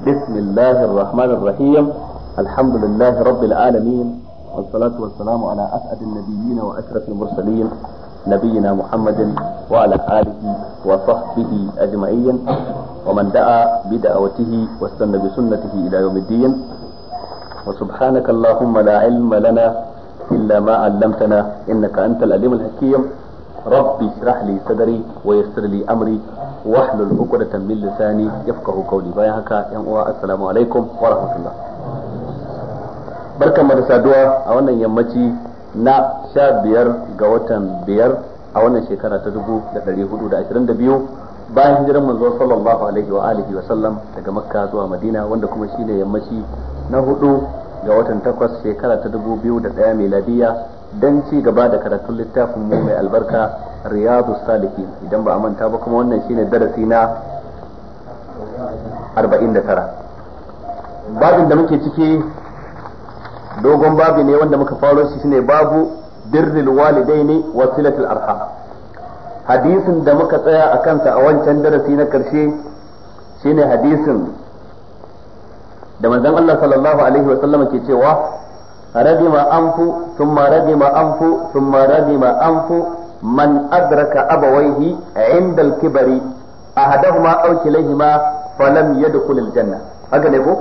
بسم الله الرحمن الرحيم الحمد لله رب العالمين والصلاة والسلام على أسعد النبيين وأشرف المرسلين نبينا محمد وعلى آله وصحبه أجمعين ومن دعا بدعوته واستنى بسنته إلى يوم الدين وسبحانك اللهم لا علم لنا إلا ما علمتنا إنك أنت العليم الحكيم ربي اشرح لي صدري ويسر لي أمري wahlul uqdatan min lisani yafqahu qawli bayan haka yan uwa assalamu alaikum wa rahmatullah barkan da saduwa a wannan yammaci na sha biyar ga watan biyar a wannan shekara ta dubu da ɗari hudu da ashirin da biyu bayan hijiran manzo sallallahu alaihi wa alihi wa sallam daga makka zuwa madina wanda kuma shine yammaci na hudu ga watan takwas shekara ta dubu biyu da ɗaya miladiya dan ci gaba da karatun littafin mu mai albarka riyadu salihin idan ba a manta ba kuma wannan shine darasi na 49 babin da muke ciki dogon babi ne wanda muka faro shi shine babu birrul walidaini wa silatul arham hadisin da muka tsaya a kansa a wancan darasi na karshe shine hadisin da manzon Allah sallallahu alaihi wa sallama ke cewa radima anfu ثم ردم أنف ثم ردم أنف من أدرك أبويه عند الكبر أحدهما أو كليهما فلم يدخل الجنة haka ne ko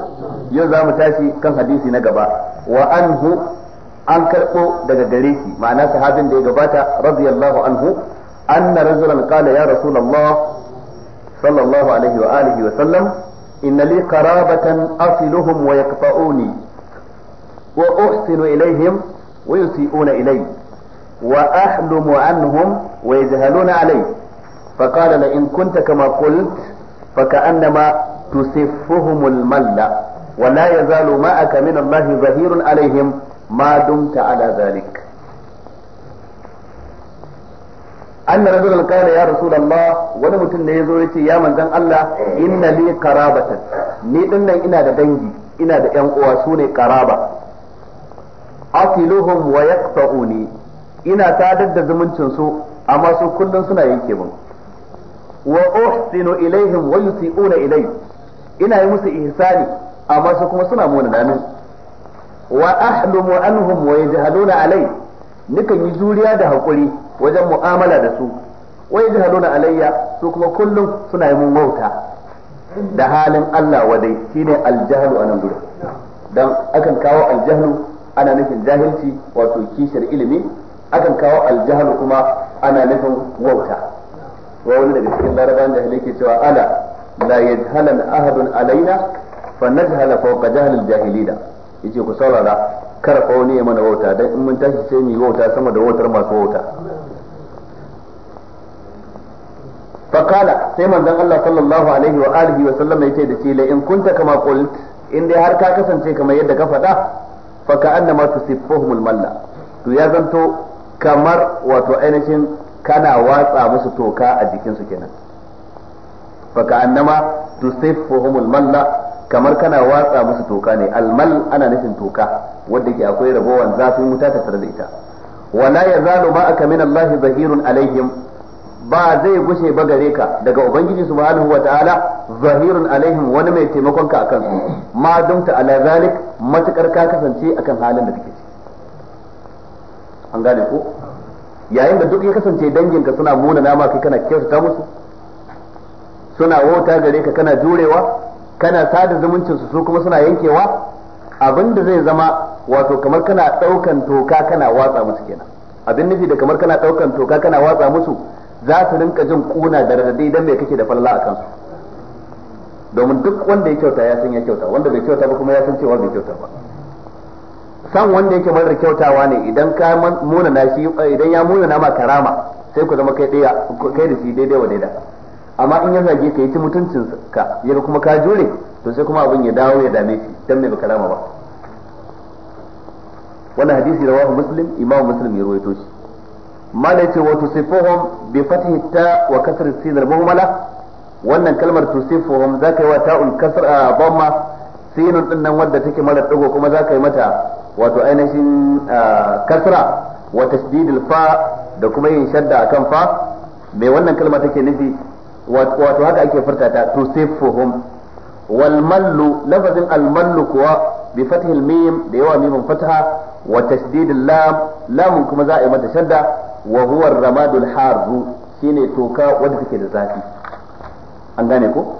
yau za mu tashi kan hadisi na gaba wa anhu an karɓo daga gare shi ma'ana sahabin da ya gabata radiyallahu anhu anna rajulan qala ya rasulullah sallallahu alaihi wa alihi wa sallam inna li qarabatan asiluhum wa yaqta'uni wa uhsinu ilaihim ويسيئون إلي وأحلم عنهم ويجهلون علي فقال لئن كنت كما قلت فكأنما تسفهم الملة ولا يزال معك من الله ظهير عليهم ما دمت على ذلك أن رجلا قال يا رسول الله wani mutum ne yazo yace ya manzon Allah inna li qarabatan ni dinnan ina da dangi ina da yan uwa sune qaraba akiluhum wa yaqta'uni ina sadar da zumuncin su amma su kullun suna yanke min wa uhsinu ilaihim wa yusi'una ilai. ina yi musu ihsani amma su kuma suna mona namin wa ahlumu anhum wa yajhaluna alai. nikan yi juriya da hakuri wajen mu'amala da su wa yajhaluna alayya su kuma kullum suna yi mun wauta da halin Allah wadai shine aljahlu anan gudu dan akan kawo aljahlu ana nufin jahilci wato kishir ilimi akan kawo aljahal kuma ana nufin wauta wa wani daga cikin larabawan jahili ke cewa ala la yajhalan ahadun alaina fa najhala fawqa jahlil aljahilina yace ku saurara kar fa wani ya mana wauta dan in mun tashi sai mu wauta sama da wautar masu wauta fakala sai manzon Allah sallallahu alaihi wa alihi wa sallam yace da ce la in kunta kama qult in dai har ka kasance kamar yadda ka faɗa fa ka annama tusifuhumul malla to ya zanto kamar wato ainihin kana watsa musu toka a jikinsu kenan fa ka annama tusifuhumul malla kamar kana watsa musu toka ne almal ana nufin toka wanda ke akwai rabowan zafin wuta ta tare da ita wala yazalu ma'aka min Allah zahirun alaihim ba zai gushe ba gare ka daga ubangiji subhanahu wataala zahirun alaihim wani mai taimakon ka akan su ma dumta ala zalik matukar ka kasance akan halin da kake an gane ko yayin da duk ya kasance danginka suna muna nama kai kana ta musu suna wauta gare ka kana jurewa kana sada zumuncin su su kuma suna yankewa abinda zai zama wato kamar kana daukan toka kana watsa musu kenan abin nufi da kamar kana daukan toka kana watsa musu za su rinka jin kuna da radadi idan mai kake da falla a kansu domin duk wanda ya kyauta ya san ya kyauta wanda bai kyauta ba kuma ya san cewa bai kyauta ba san wanda yake marar kyautawa ne idan ka muna na shi idan ya muna na ma karama sai ku zama kai daya kai da shi daidai wa daida amma in ya zage ka yi ci mutuncin ka ya kuma ka jure to sai kuma abin ya dawo ya dame shi dan mai ba karama ba wannan hadisi rawahu muslim imamu muslim ya ruwaito shi wa ما ليتي وتصفهم wa التاء وكسر السين المهملة wannan kalmar tusiffuhum za ka yi wa ta'ul kasr a bamma sinun din nan wadda take mara digo kuma za ka yi mata wato ainihin kasra wa tasdidil fa da kuma yin shadda akan fa me wannan kalma take nufi wato haka ake furta ta tusiffuhum wal mallu lafazin al mallu kuwa bi fathil mim da yawa mimin fataha wa tasdidil lam lamun kuma za a yi mata shadda wa ramadul harru shine toka wanda take da zafi an gane ko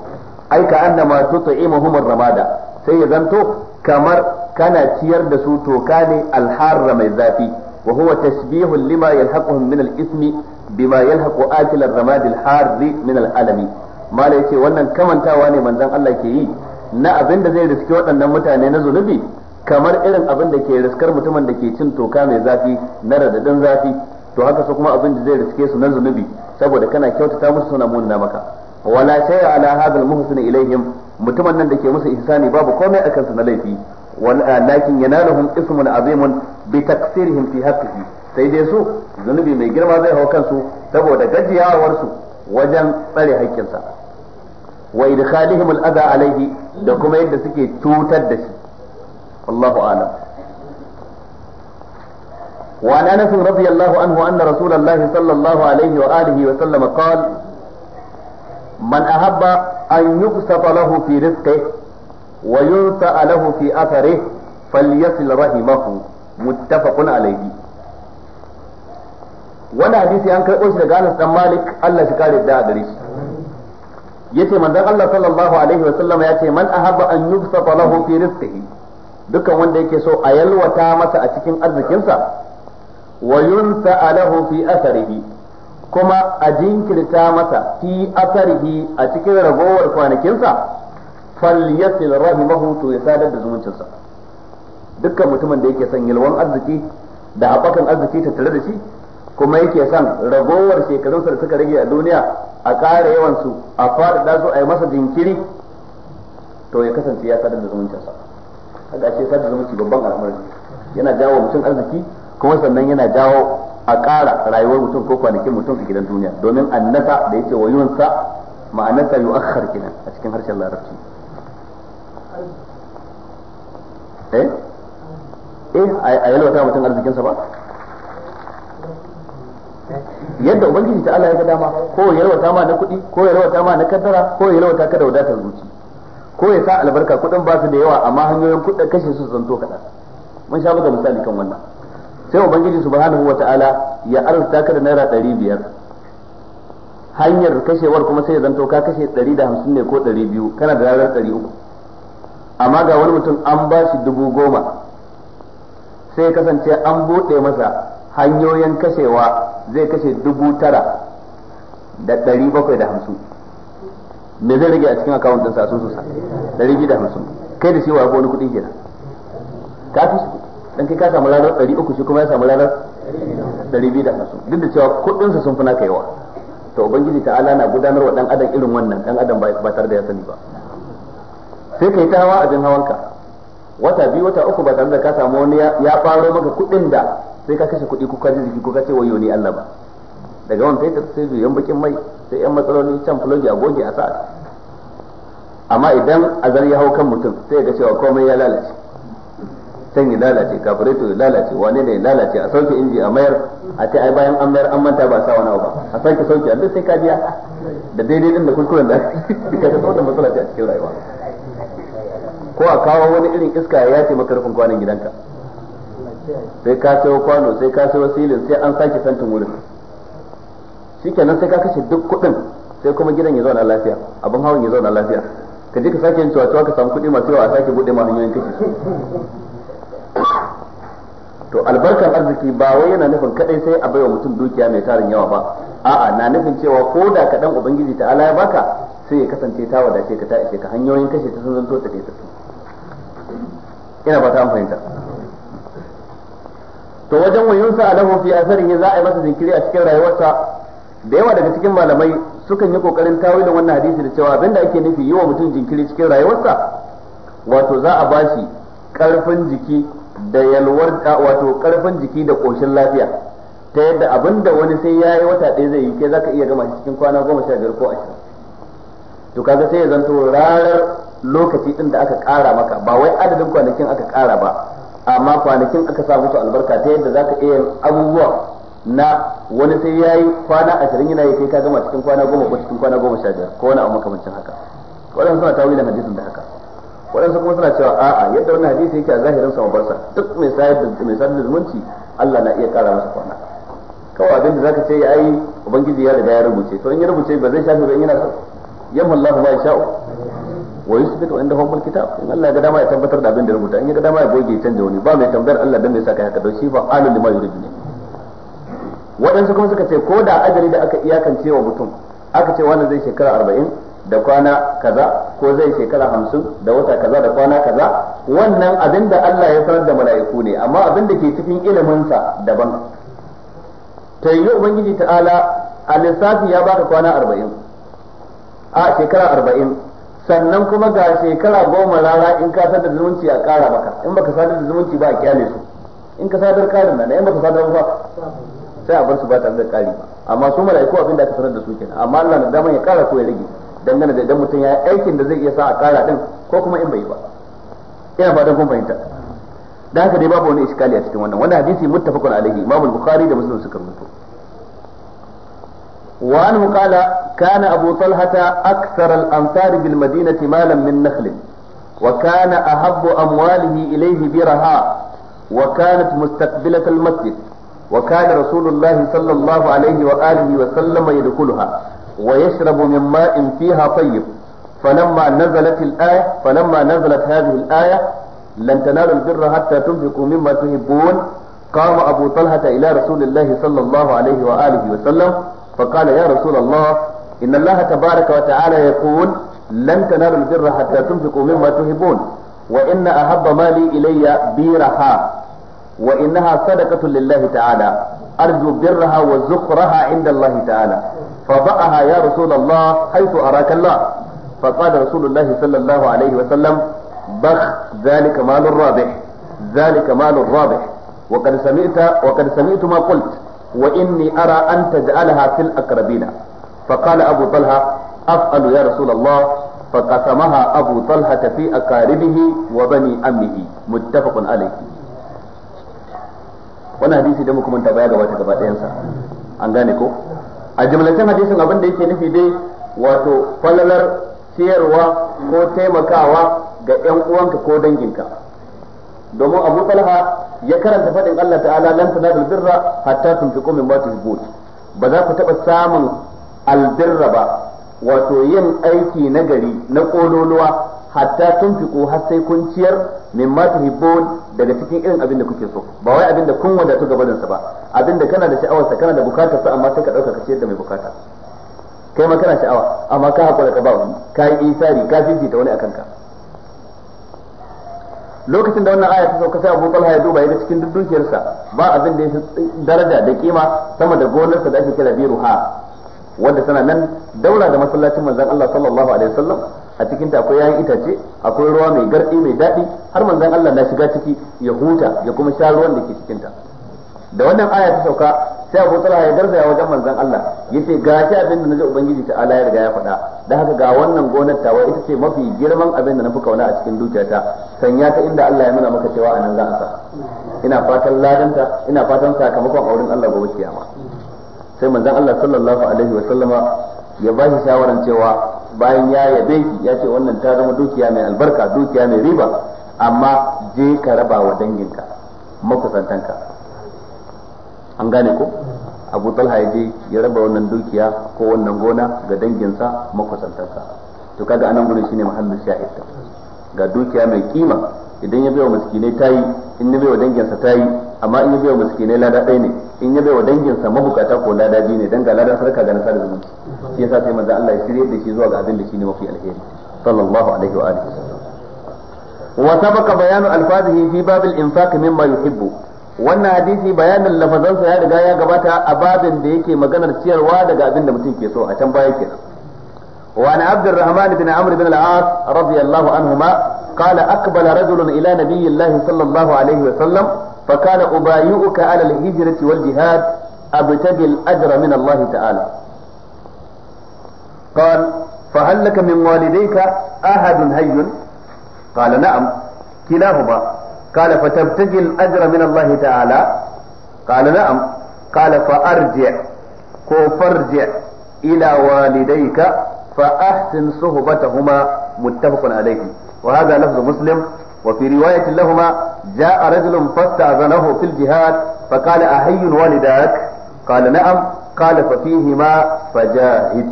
ai ka annama tut'imuhum ar-ramada sai ya zanto kamar kana ciyar da su toka ne al mai zafi wa huwa tashbihun lima yalhaquhum min al-ismi bima yalhaqu akil ar-ramad al-harri min al-alami mala yace wannan kamantawa ne manzon Allah ke yi na abin da zai riske waɗannan mutane na zunubi kamar irin abin da ke riskar mutumin da ke cin toka mai zafi na radadin zafi to haka su kuma abin da zai riske su na zunubi saboda kana kyautata musu suna munana maka wala shay'a ala hadha muhsin ilaihim mutumin nan da ke musu ihsani babu komai akan su na laifi walakin eh, yanaluhum ismun azimun bi taksirihim fi haqqihi sai dai su zunubi mai girma zai hau kansu saboda gajiyawar su wajen tsare haƙƙinsa wa idkhalihim al-adha alaihi da kuma yadda suke cutar da shi allahu a'lam وعن انس رضي الله عنه ان رسول الله صلى الله عليه واله وسلم قال من احب ان يبسط له في رزقه وينسأ له في اثره فليصل رحمه متفق عليه wani hadisi an karbo shi daga Anas dan Malik Allah shi kare da gare shi yace manzon Allah sallallahu alaihi wa sallam yace man ahabba an yubsata lahu fi rizqihi dukkan wanda yake so a yalwata masa a cikin arzikinsa wa yunsa lahu fi asarihi kuma a jinkirta masa fi asarihi a cikin ragowar kwanakinsa falyasil rahimahu to ya sadar da zumuncinsa dukkan mutumin da yake son yalwan arziki da haɓakan arziki tattare da shi kuma yake son ragowar shekarunsa da suka rage a duniya a yawan yawansu a fara su a yi masa jinkiri to ya kasance ya sadar da zumuncinsa haka ce sadar da zumunci babban al'amari yana jawo mutum arziki kuma sannan yana jawo a ƙara rayuwar mutum ko kwanakin mutum a gidan duniya domin annasa da yake wa yunsa ma'anarsa yu'akhkhar kenan a cikin harshen larabci eh eh a yalwata mutum arzikinsa ba yadda ubangiji ta Allah ya ga dama ko ya yalwata ma na kuɗi ko ya yalwata ma na kaddara ko ya yalwata ka da wadatar zuci ko ya sa albarka kuɗin ba su da yawa amma hanyoyin kuɗin kashe su zanto kaɗan mun sha maka misali kan wannan sai ubangiji subhanahu wataala ya arzuta ka da naira ɗari biyar hanyar kashewar kuma sai ya zanto ka kashe ɗari da hamsin ne ko ɗari biyu kana da ranar ɗari uku amma ga wani mutum an ba shi dubu goma sai ya kasance an buɗe masa hanyoyin kashewa zai kashe dubu tara da ɗari bakwai da hamsin me zai rage a cikin akawun ɗinsa a sun susa ɗari biyu da hamsin kai da shi wa wani kuɗi kenan ka fi dan kai ka samu ladar 300 shi kuma ya samu ladar 250 duk da cewa kudin su sun fi naka yawa to ubangiji ta'ala na gudanar wa dan adam irin wannan dan adam ba tare da ya sani ba sai kai tawa abin hawanka wata biyu wata uku ba tare da ka samu wani ya faro maka kudin da sai ka kashe kudi ko ka ji jiki ko ka ce wayo ni Allah ba daga wani fetur sai juyan bakin mai sai yan matsaloli can fulogi a goge a sa'a amma idan azar ya hau kan mutum sai ga cewa komai ya lalace can ya lalace kafirai to ya lalace wani ne ya lalace a sauke inji a mayar a ce ai bayan an mayar an manta ba sa wani ba a sauke sauke duk sai ka biya da daidai din da kuskuren da ka ta sauke matsala ce a cikin rayuwa ko a kawo wani irin iska ya yace maka rufin kwanan gidanka sai ka sayo kwano sai ka sayo silin sai an sake santin wurin shikenan sai ka kashe duk kuɗin sai kuma gidan ya zauna lafiya abin hawan ya zauna lafiya ka je ka sake yin cewa ka samu kuɗi masu yawa a sake buɗe ma hanyoyin kashe to albarkar arziki ba wai yana nufin kadai sai a baiwa mutum dukiya mai tarin yawa ba a'a na nufin cewa ko da kadan ubangiji ta ala ya baka sai ya kasance ta wadace ka ta ishe ka hanyoyin kashe ta sun zanto ta ta ina ba ta fahimta to wajen wayun sa alahu fi asarin ya za a yi masa jinkiri a cikin rayuwarsa da yawa daga cikin malamai sukan yi kokarin tawilin wannan hadisi da cewa abinda ake nufi yi wa mutum jinkiri cikin rayuwarsa wato za a bashi karfin jiki da yalwar wato karfin jiki da koshin lafiya ta yadda abinda wani sai ya yi wata ɗaya zai yi kai zaka iya gama cikin kwana goma sha biyar ko ashirin to kaga sai ya zanto ranar lokaci din da aka ƙara maka ba wai adadin kwanakin aka ƙara ba amma kwanakin aka sa musu albarka ta yadda zaka iya abubuwa na wani sai ya yi kwana ashirin yana yi kai ka gama cikin kwana goma ko cikin kwana goma sha biyar ko wani abu makamancin haka waɗansu suna da hadisin da haka waɗansu kuma suna cewa a'a yadda wannan hadisi yake a zahirin sa mabarsa duk mai sayar da mai sayar da zumunci Allah na iya ƙara masa kwana kawai abin da zaka ce ya yi ubangiji ya riga ya rubuce to in ya rubuce ba zai shafi ba in yana so yamma Allah ma sha'u wa yusbitu inda hum kitab in Allah ya ga dama ya tabbatar da abin da rubuta in ya ga dama ya goge ya canja wani ba mai tambayar Allah dan me yasa kai haka don shi fa alul lima yuridu ne waɗansu kuma suka ce ko da ajali da aka iyakance wa mutum aka ce wannan zai shekara arba'in da kwana kaza ko zai shekara hamsin da wata kaza da kwana kaza wannan abin da Allah ya sanar da mala'iku ne amma abin da ke cikin iliminsa daban ta yi ubangiji ta'ala a lissafi ya baka kwana arba'in a shekara arba'in sannan kuma ga shekara goma rara in ka sadar zumunci a kara maka in baka sadar da zumunci ba a kyale su in ka sadar karin nan in baka sadar ba sai a bar su ba tare da kari ba amma su mala'iku abin da aka sanar da su kenan amma Allah na dama ya kara ko ya rage dangane da idan mutum ya yi aikin da zai iya sa a kara din ko kuma in bai ba ina fatan kun fahimta da haka dai babu wani iskali a cikin wannan wannan hadisi muttafaqun alaihi imamu bukhari da muslim suka rubuto wa anhu qala kana abu talhata akthar al ansar bil madinati malan min nakhl wa kana ahabbu amwalihi ilayhi biraha wa kanat mustaqbilat al masjid وكان رسول الله صلى الله عليه وآله وسلم يدخلها ويشرب من ماء فيها طيب فلما نزلت الآية فلما نزلت هذه الآية لن تنالوا البر حتى تنفقوا مما تحبون قام أبو طلحة إلى رسول الله صلى الله عليه وآله وسلم فقال يا رسول الله إن الله تبارك وتعالى يقول لن تنالوا البر حتى تنفقوا مما تحبون وإن أحب مالي إلي بيرها وإنها صدقة لله تعالى أرجو برها وزخرها عند الله تعالى فضعها يا رسول الله حيث أراك الله فقال رسول الله صلى الله عليه وسلم بخ ذلك مال رابح ذلك مال رابح وقد سمعت وقد سمعت ما قلت وإني أرى أن تجعلها في الأقربين فقال أبو طلحة أفعل يا رسول الله فقسمها أبو طلحة في أقاربه وبني أمه متفق عليه wannan hadisi da muka manta baya gabata gaba ɗayansa an gane ko a jimlacin hadisin abin da yake nufi dai wato falalar siyarwa ko taimakawa ga yan uwanka ko danginka domin abu talha ya karanta faɗin Allah ta'ala lan tanadul birra hatta fi komin mimma tuhibbun ba za ku taɓa samun albirra ba wato yin aiki na gari na kololuwa hatta tunfiqu har sai kun ciyar mimma tuhibbun daga cikin irin abin da kuke so ba wai abin da kun wadatu gaban sa ba abin da kana da sha'awar sa kana da bukatar sa amma sai ka dauka ka ciyar da mai bukata kai ma kana sha'awa amma ka hakura ka ba wani ka yi isari ka fifita wani akan ka lokacin da wannan aya ta sauka sai Abu Talha ya duba yana cikin duk sa ba abin da yake daraja da kima sama da gonarsa da ake kira biruha wanda tana nan daura da masallacin manzon Allah sallallahu alaihi wasallam a cikin ta akwai yayin itace akwai ruwa mai garɗi mai daɗi har manzon Allah na shiga ciki ya huta ya kuma sha ruwan da ke cikin ta da wannan aya ta sauka sai Abu Talha ya garzaya wajen manzon Allah yace ga shi abin da naji ubangiji ta Allah ya riga ya faɗa da haka ga wannan gonar tawa ita ce mafi girman abin da na kauna a cikin dukiyata sanya ta inda Allah ya nuna maka cewa anan za a sa ina fatan ladanta ina fatan sakamakon auren Allah gobe kiyama sai manzon Allah sallallahu alaihi wa sallama ya ba shi shawaran cewa bayan ya yabe shi ya ce wannan ta zama dukiya mai albarka dukiya mai riba amma je ka raba wa danginka makusantanka an gane ko abu talha ya je ya raba wannan dukiya ko wannan gona ga danginsa makusantanka to kaga anan gurin shine mahallin shahid ga dukiya mai kima idan ya baiwa miskinai tayi in ya baiwa danginsa tayi amma in ya baiwa miskinai lada ɗaya ne in ya baiwa danginsa mabukata ko lada biyu ne dan ga lada sarka ga nasarar zumunci shi yasa sai manzo Allah ya shirye da shi zuwa ga abin da shine mafi alheri sallallahu alaihi wa alihi wa sabaka bayanu alfazihi fi babil infaq mimma yuhibbu wannan hadisi bayanin lafazansa ya riga ya gabata a babin da yake maganar ciyarwa daga abin da mutum ke so a can baya kenan وعن عبد الرحمن بن عمرو بن العاص رضي الله عنهما قال أقبل رجل إلى نبي الله صلى الله عليه وسلم فقال أبايعك على الهجرة والجهاد أبتغي الأجر من الله تعالى قال فهل لك من والديك أحد هي قال نعم كلاهما قال فتبتغي الأجر من الله تعالى قال نعم قال فأرجع كو فارجع إلى والديك فأحسن صحبتهما متفق عليه وهذا لفظ مسلم وفي رواية لهما جاء رجل فاستأذنه في الجهاد فقال أحي والداك قال نعم قال ففيهما فجاهد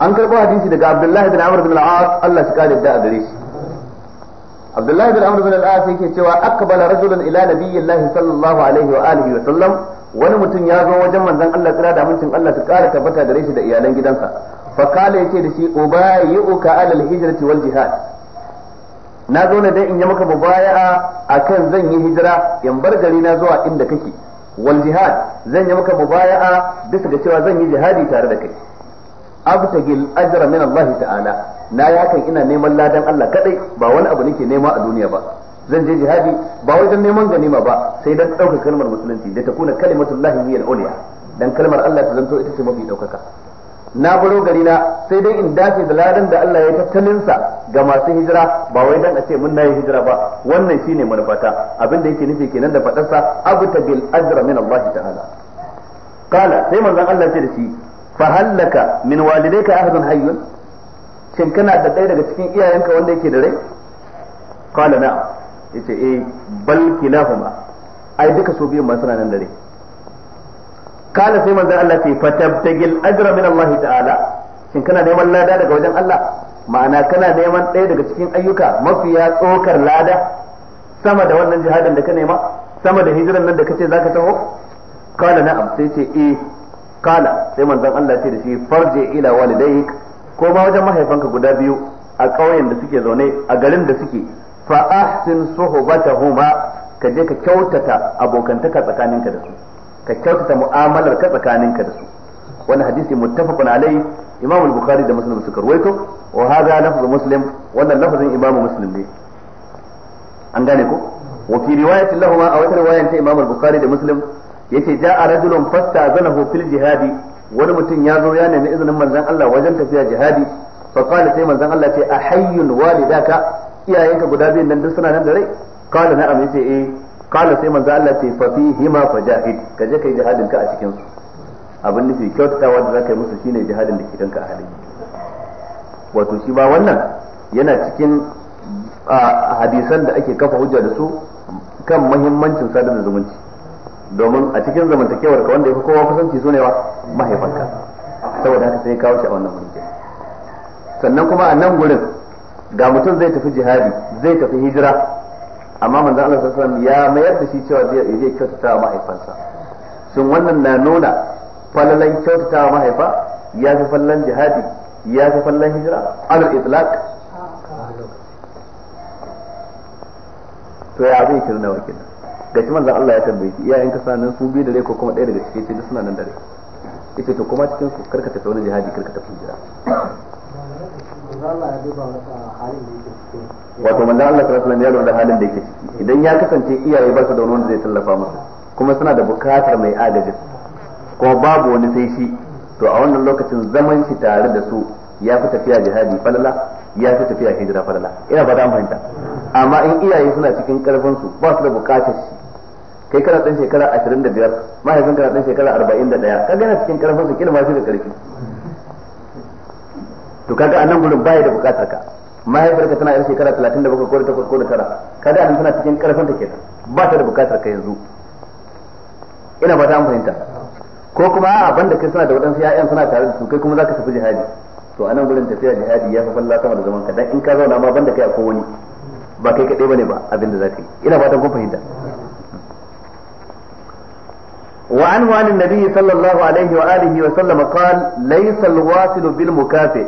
an karɓo hadisi daga abdullahi bin amr bin al-as Allah shi kare da a gare shi abdullahi bin amr bin al-as yake cewa akbala rajulun ila nabiyyillahi sallallahu alaihi wa alihi wa sallam wani mutum ya zo wajen manzon Allah tsira da mutum Allah ta kare tabbata gare shi da iyalan gidansa fa kale yace da shi ubayyuka ala al-hijrati wal jihad na zo ne dai in yi maka mubaya'a akan zan yi hijira in bar gari na zuwa inda kake wal jihad zan yi maka mubaya'a bisa ga cewa zan yi jihadi tare da kai abtagil ajra min Allah ta'ala na ya kan ina neman ladan Allah kadai ba wani abu nake nema a duniya ba zan je jihadi ba wajen neman ganima ba sai dan dauka kalmar musulunci da ta kuna kalimatullahi hiya al-ulya dan kalmar Allah ta zanto ita ce mafi daukaka na baro gari na sai dai in dace da ladan da Allah ya tattalin sa ga masu hijira ba wai dan a ce mun nayi hijira ba wannan shine manufata abin da yake nufi kenan da fadarsa abtagil ajra min Allah ta'ala qala sai manzon Allah ce da shi fa hallaka min walidayka ahadun hayyun shin kana da ɗaya daga cikin iyayenka wanda yake da rai qala na. yace eh bal kilahuma ai duka so biyan masu nan da rai kala sai manzon Allah ce fatabtagil ajra min Allah ta'ala shin kana neman lada daga wajen Allah ma'ana kana neman ɗaya daga cikin ayyuka mafiya tsokar lada sama da wannan jihadin da ka nema sama da hijiran nan da kace zaka taho kala na'am sai ce eh kala sai manzon Allah ce da shi farje ila walidayk ko ma wajen mahaifanka guda biyu a ƙauyen da suke zaune a garin da suke fa ahsin suhbatahuma ka je ka kyautata abokantaka tsakaninka da su ka kyautata mu'amalar ka tsakaninka da su wani hadisi muttafaqun alai imam al-bukhari da muslim suka ruwaito wa hadha lafz muslim wannan lafzin imam muslim ne an gane ko wa fi riwayati lahumma aw riwayatin imam al-bukhari da muslim yace ja'a rajulun fastazanahu fil jihadi wani mutum ya zo ya nemi izinin manzon Allah wajen tafiya jihadi fa qala sai manzon Allah ce ahayyun walidaka iyayenka guda biyun nan duk suna nan da rai qala na'am yace eh qala sai manzon Allah ce fa fihima fajahid ka je kai jihadin ka a cikin su abin nufi kyautatawa da zaka yi musu shine jihadin da ke danka a halin wato shi ba wannan yana cikin hadisan da ake kafa hujja da su kan muhimmancin sadar da zumunci domin a cikin zamantakewar ka wanda ya fi kowa kusanci su ne wa mahaifanka saboda haka sai kawo shi a wannan mulki sannan kuma a nan gurin ga mutum zai tafi jihadi zai tafi hijira amma manzon Allah sallallahu alaihi ya mayar da shi cewa zai je kyautata wa mahaifansa sun wannan na nuna falalan kyautata wa mahaifa ya fi fallan jihadi ya fi fallan hijira alal itlaq to ya abin kirin wakilin shi manzan Allah ya tambaye shi iyayen ka sanin su biyu da rai ko kuma ɗaya daga cikin sai suna nan da rai yace to kuma cikin su karka tafi wani jihadi karka tafi jira wato manzan Allah sallallahu alaihi wasallam ya lura halin da yake ciki idan ya kasance iyaye ba su da wani zai tallafa musu kuma suna da bukatar mai agajin kuma babu wani sai shi to a wannan lokacin zaman shi tare da su ya fi tafiya jihadi falala ya fi tafiya hijira falala ina ba ta fahimta amma in iyaye suna cikin karfin su ba su da bukatar shi kai kana dan shekara 25 mahaifin kana dan shekara 41 kaga yana cikin karfin su kila ma shi da karfi to kaga anan gurin baya da bukatar ka ka tana yar shekara 37 ko 38 ko da kaga anan tana cikin karfin ta kenan ba ta da bukatar ka yanzu ina ba ta an fahimta ko kuma a'a banda kai suna da wadansu ya'yan suna tare da su kai kuma zaka tafi jihadi to anan gurin tafiya jihadi ya fa falla sama da zaman ka dan in ka zauna ma banda kai a wani ba kai kadai bane ba abinda zaka yi ina fatan kun fahimta وعنه عن النبي صلى الله عليه وآله وسلم قال ليس الواصل بالمكافئ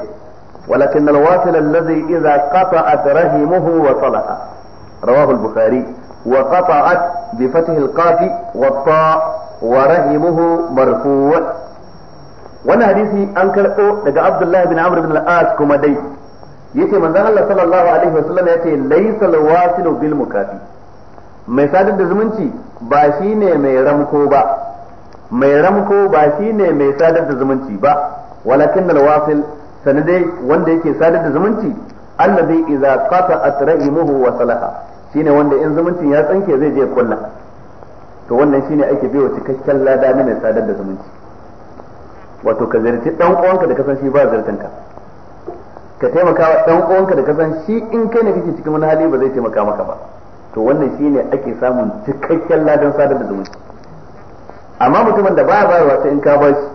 ولكن الواصل الذي إذا قطعت رحمه وصلح رواه البخاري وقطعت بفتح القاف والطاء ورحمه مرفوع wannan hadisi an karɓo daga Abdullahi bin Amr bin al-As kuma dai yace manzon Allah sallallahu alaihi wasallam yace laysa al-wasilu bil mukafi mai sadar da zumunci ba shi ne mai ramko ba mai ramko ba shi ne mai sadar da zumunci ba walakin da wasil sanadai wanda yake sadar da zumunci allazi idza qata'at rahimuhu wa salaha shine wanda in zumuncin ya tsanke zai je kulla to wannan shine ake biyo cikakken lada na mai sadar da zumunci wato ka zirci dan uwanka da kasan shi ba zartanka ka taimaka wa dan uwanka da kasan shi in kai ne kake cikin wani hali ba zai taimaka maka ba to wannan shi ne ake samun cikakken ladan sadar da zumunci amma mutumin da baya bayarwa sai in ka bashi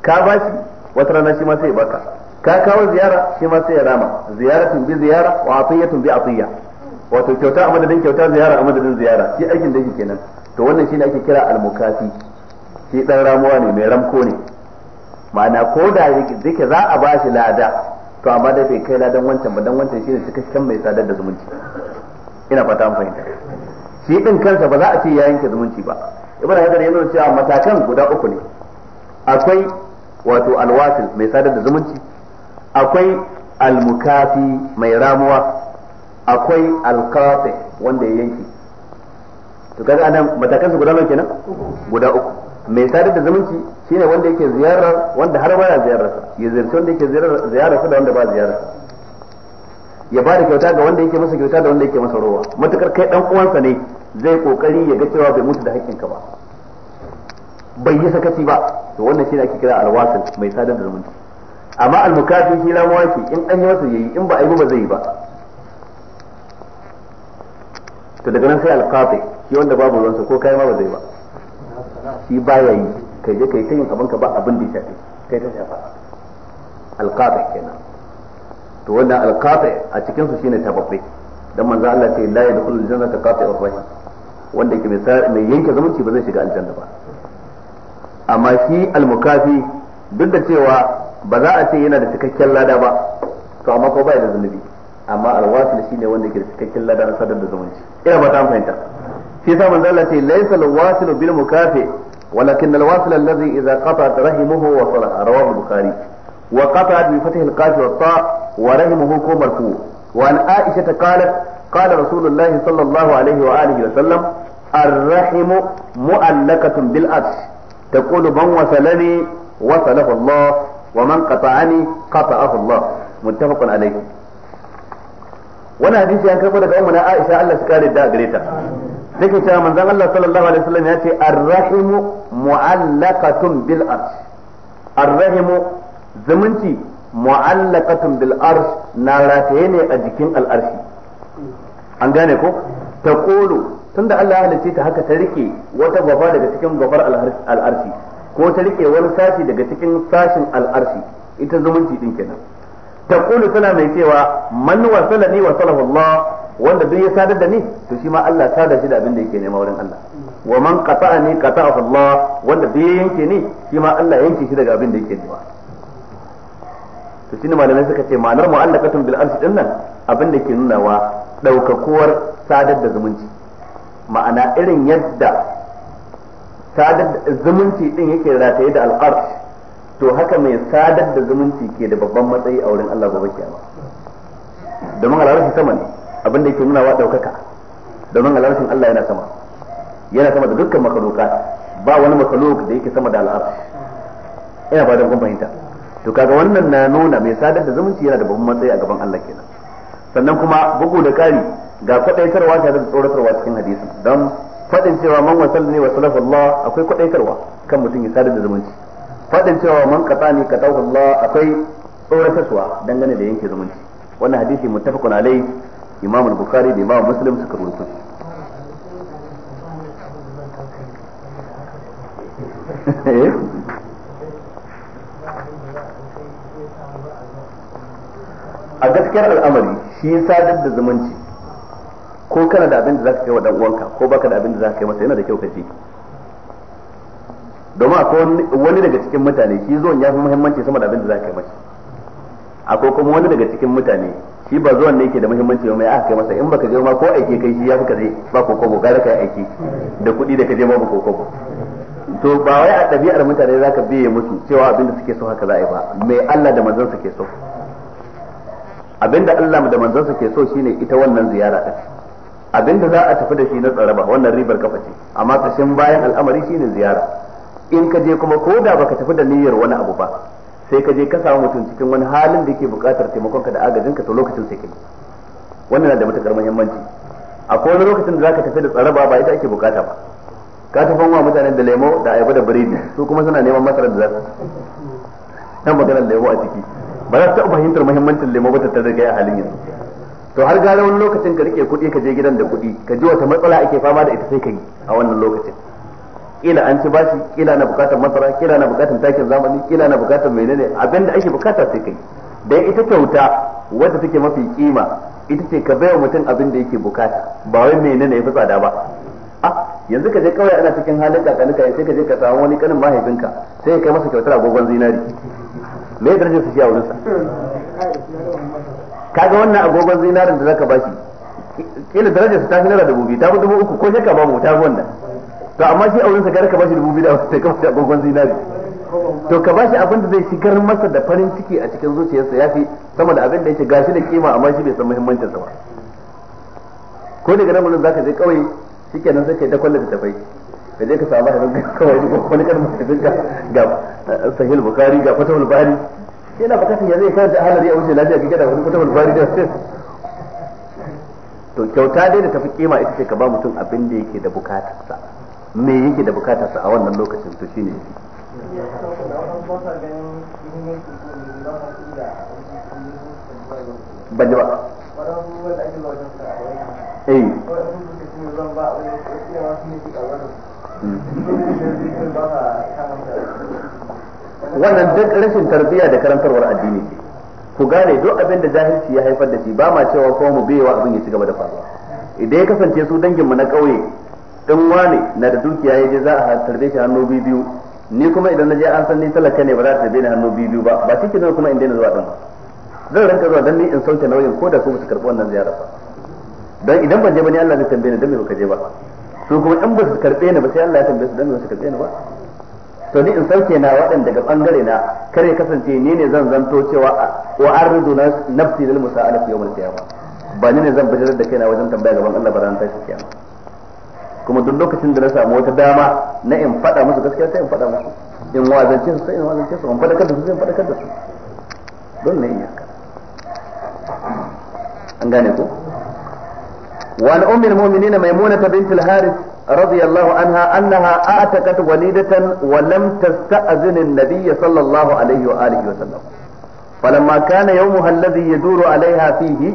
ka bashi wata rana shi ma sai baka ka kawo ziyara shi ma sai ya rama ziyaratun bi ziyara wa atiyatun bi atiyya wato kyauta a madadin kyauta ziyara a madadin ziyara shi aikin da yake kenan to wannan shi ne ake kira almukafi, shi dan ramuwa ne mai ramko ne ma'ana ko da yake za a bashi lada to amma dai bai kai ladan wancan ba dan wancan shi ne cikakken mai sadar da zumunci ina fata an fahimta shi din kansa ba za a ce ya yanke zumunci ba ibn hajar yana cewa matakan guda uku ne akwai wato alwasil mai sadar da zumunci akwai almukafi mai ramuwa akwai alqati wanda ya yanke to kaga anan matakan su guda nawa kenan guda uku mai sadar da zumunci shine wanda yake ziyarar wanda har baya ziyarar ya ziyarci wanda yake ziyarar da wanda ba ziyarar ya bada kyauta ga wanda yake masa kyauta da wanda yake masa rowa matukar kai dan uwansa ne zai kokari ya ga cewa bai mutu da haƙƙinka ba bai yi sakaci ba to wannan shi ne ake kira alwasil mai sadar da zumunci amma almukafi shi ramuwa ce in an yi masa yayi in ba a yi ba zai yi ba to daga nan sai alqafi shi wanda babu ruwansa ko kai ma ba zai ba shi baya yi kai je kai ta yin abinka ba abin da ya shafe kai ta shafa alqafi kenan to wannan alkafe a cikin su shine tababbe dan manzo Allah ce la yadkhulul jannata qati'ur rahim wanda ke mai yanke zumunci ba zai shiga aljanna ba amma shi almukafi duk da cewa ba za a ce yana da cikakken lada ba to amma ko bai da zunubi amma alwasil shine wanda ke da cikakken lada na sadar da zumunci ina ba ta fahimta shi sa manzo Allah ce laysa alwasilu bil mukafi ولكن الواصل الذي إذا قطعت رحمه وصلها رواه البخاري وقطعت qaf wa ta' ورحمه هو مرفوع وعن عائشة قالت قال رسول الله صلى الله عليه وآله وسلم الرحم مؤلكة بالعرش تقول من وصلني وصله الله ومن قطعني قطعه الله متفق عليه wani hadisi an karbo daga na Aisha Allah su kare da gare ta take cewa manzon Allah sallallahu alaihi wasallam ya ce arrahimu mu'allaqatun bil arsh arrahimu zumunci mu'allaqatun bil arsh na rataye ne a jikin al'arshi an gane ko ta kolo tunda Allah ya halice ta haka ta rike wata gaba daga cikin gabar al'arshi ko ta rike wani sashi daga cikin sashin al'arshi ita zumunci din kenan ta kolo tana mai cewa man wasala ni wasalahu Allah wanda duk ya sadar da ni to shi ma Allah sadar shi da abin da yake nema wurin Allah wa man qata'ani qata'a Allah wanda duk ya yanke ni shi ma Allah yanke shi daga abin da yake nema to shine malamai suka ce ma'anar mu'allaqatun bil arshi din nan abin da ke nunawa daukakuwar sadar da zumunci ma'ana irin yadda sadar da zumunci din yake rataye da al'arsh to haka mai sadar da zumunci ke da babban matsayi a wurin Allah gobe kiyama domin al'arshi sama ne abin da nuna nunawa daukaka domin al'arshin Allah yana sama yana sama da dukkan makaluka ba wani makaluk da yake sama da al'arsh ina ba da kun fahimta to kaga wannan na nuna mai sadar da zumunci yana da babban matsayi a gaban Allah kenan sannan kuma bugu da ƙari ga kwadaitarwa ta da tsoratarwa cikin hadisi don fadin cewa man wasallani ne wa salafullah akwai kwadaitarwa kan mutum ya sadar da zumunci fadin cewa man qata ne Allah akwai tsoratarwa dangane da yanke zumunci wannan hadisi muttafaqun alai imam al-bukhari da imam muslim suka rubuta eh a gaskiyar al'amari shi sadar da zumunci ko kana da abin da ka kai wa dan uwanka ko baka da abin da ka kai masa yana da kyau ka ji domin akwai wani daga cikin mutane shi zuwan ya fi muhimmanci sama da abin da ka kai masa akwai kuma wani daga cikin mutane shi ba zuwan ne yake da muhimmanci ba mai aka kai masa in baka je ma ko aike kai shi ya fi kaje ba kokobo gara kai aiki da kuɗi da kaje ko kokobo to ba wai a ɗabi'ar mutane za ka biye musu cewa abin da suke so haka za a yi ba mai Allah da manzon suke so abinda Allah da manzansa ke so shine ita wannan ziyara din abinda za a tafi da shi na tsaraba wannan ribar kafa ce amma kashin bayan al'amari shine ziyara in ka je kuma ko da baka tafi da niyyar wani abu ba sai ka je ka samu mutum cikin wani halin da yake buƙatar taimakon ka da agajin ka to lokacin sai kai wannan na da matukar muhimmanci akwai wani lokacin da zaka tafi da tsaraba ba ita ake bukata ba ka tafi wa mutanen da lemo da ayaba da biredi su kuma suna neman masarar da za su dan maganar lemo a ciki ba za ta fahimtar muhimmancin lemo ba ta da kai a halin yanzu to har gara wani lokacin ka rike kuɗi ka je gidan da kuɗi ka ji wata matsala ake fama da ita sai ka yi a wannan lokacin kila an ci bashi kila na bukatar masara kila na bukatar takin zamani kila na bukatar menene abinda ake bukata sai kai da ita kyauta wadda take mafi kima ita ce ka baiwa mutum abin da yake bukata ba wai menene ya fi tsada ba a yanzu ka je kawai ana cikin halin kakanuka sai ka je ka samu wani kanin mahaifinka sai ka kai masa kyautar agogon zinari me darajar su shi a wurinsa kaga wannan agogon zinarin da zaka bashi kila daraja su ta fi naira dubu biyu ta dubu uku ko shakka babu ta fi wannan to amma shi a wurin sa ka bashi dubu biyu da wasu ka bashi agogon zinari to ka bashi abinda zai shigar masa da farin ciki a cikin zuciyarsa ya fi sama da abin da yake gashi da kima amma shi bai san muhimmancin sa ba ko daga nan wurin zaka je kawai shikenan sai kai da kwallon da tafai ka je ka samu hadin kawai ko wani kalma hadin ka ga eh, sahih bukhari ga fatawul bari yana bukatar ya zai karanta halari a wuce lafiya gida da wani fatawul bari da to kyauta dai da tafi kima ita ce ka ba mutum abin da yake da bukatarsa me yake da bukatarsa a wannan lokacin to shine ban ji ba eh wannan duk rashin tarbiyya da karantarwar addini ce ku gane duk abin da jahilci ya haifar da shi ba ma cewa ko mu biyewa abin ya ci gaba da faruwa idan ya kasance su dangin mu na ƙauye dan wane na da dukiya ya je za a tarbe shi hannu biyu biyu ni kuma idan na je an san ni talaka ne ba za ta tarbe ni hannu biyu biyu ba ba cikin kuma in daina zuwa din zan ranka zuwa dan ni in sauke nauyin ko da su su karɓi wannan ziyara ba dan idan ban je ba ni Allah zai tambaye ni dan me baka je ba su kuma in ba su karbe ni ba sai Allah ya tambaye su dan ba su karbe ni ba to ni in sauke na waɗanda daga bangare na kare kasance ni ne zan zanto cewa wa na nafsi lil musa'alati yawmal qiyamah ba ni ne zan bijirar da kaina wajen tambaya gaban Allah ba ran tashi kiyama kuma duk lokacin da na samu wata dama na in faɗa musu gaskiya sai in faɗa musu in wazance su sai in wazance su in faɗakar da su sai in faɗakar da su don ne iyaka an gane ko وعن أم المؤمنين ميمونة بنت الحارث رضي الله عنها أنها أعتقت وليدة ولم تستأذن النبي صلى الله عليه وآله وسلم فلما كان يومها الذي يدور عليها فيه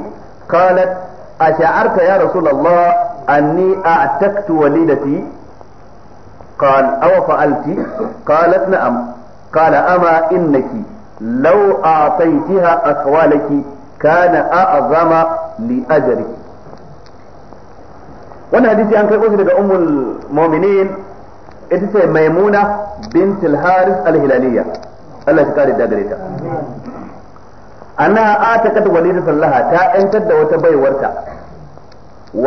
قالت أشعرت يا رسول الله أني أعتقت وليدتي قال أو فعلت قالت نعم قال أما إنك لو أعطيتها أخوالك كان أعظم لأجرك wannan hadisi an kai shi daga ummul mu'minin ita ce maimuna bint al-haris al-hilaliyya Allah ya kare da gare ta annaha atakat walida sallaha ta yantar da wata baiwarta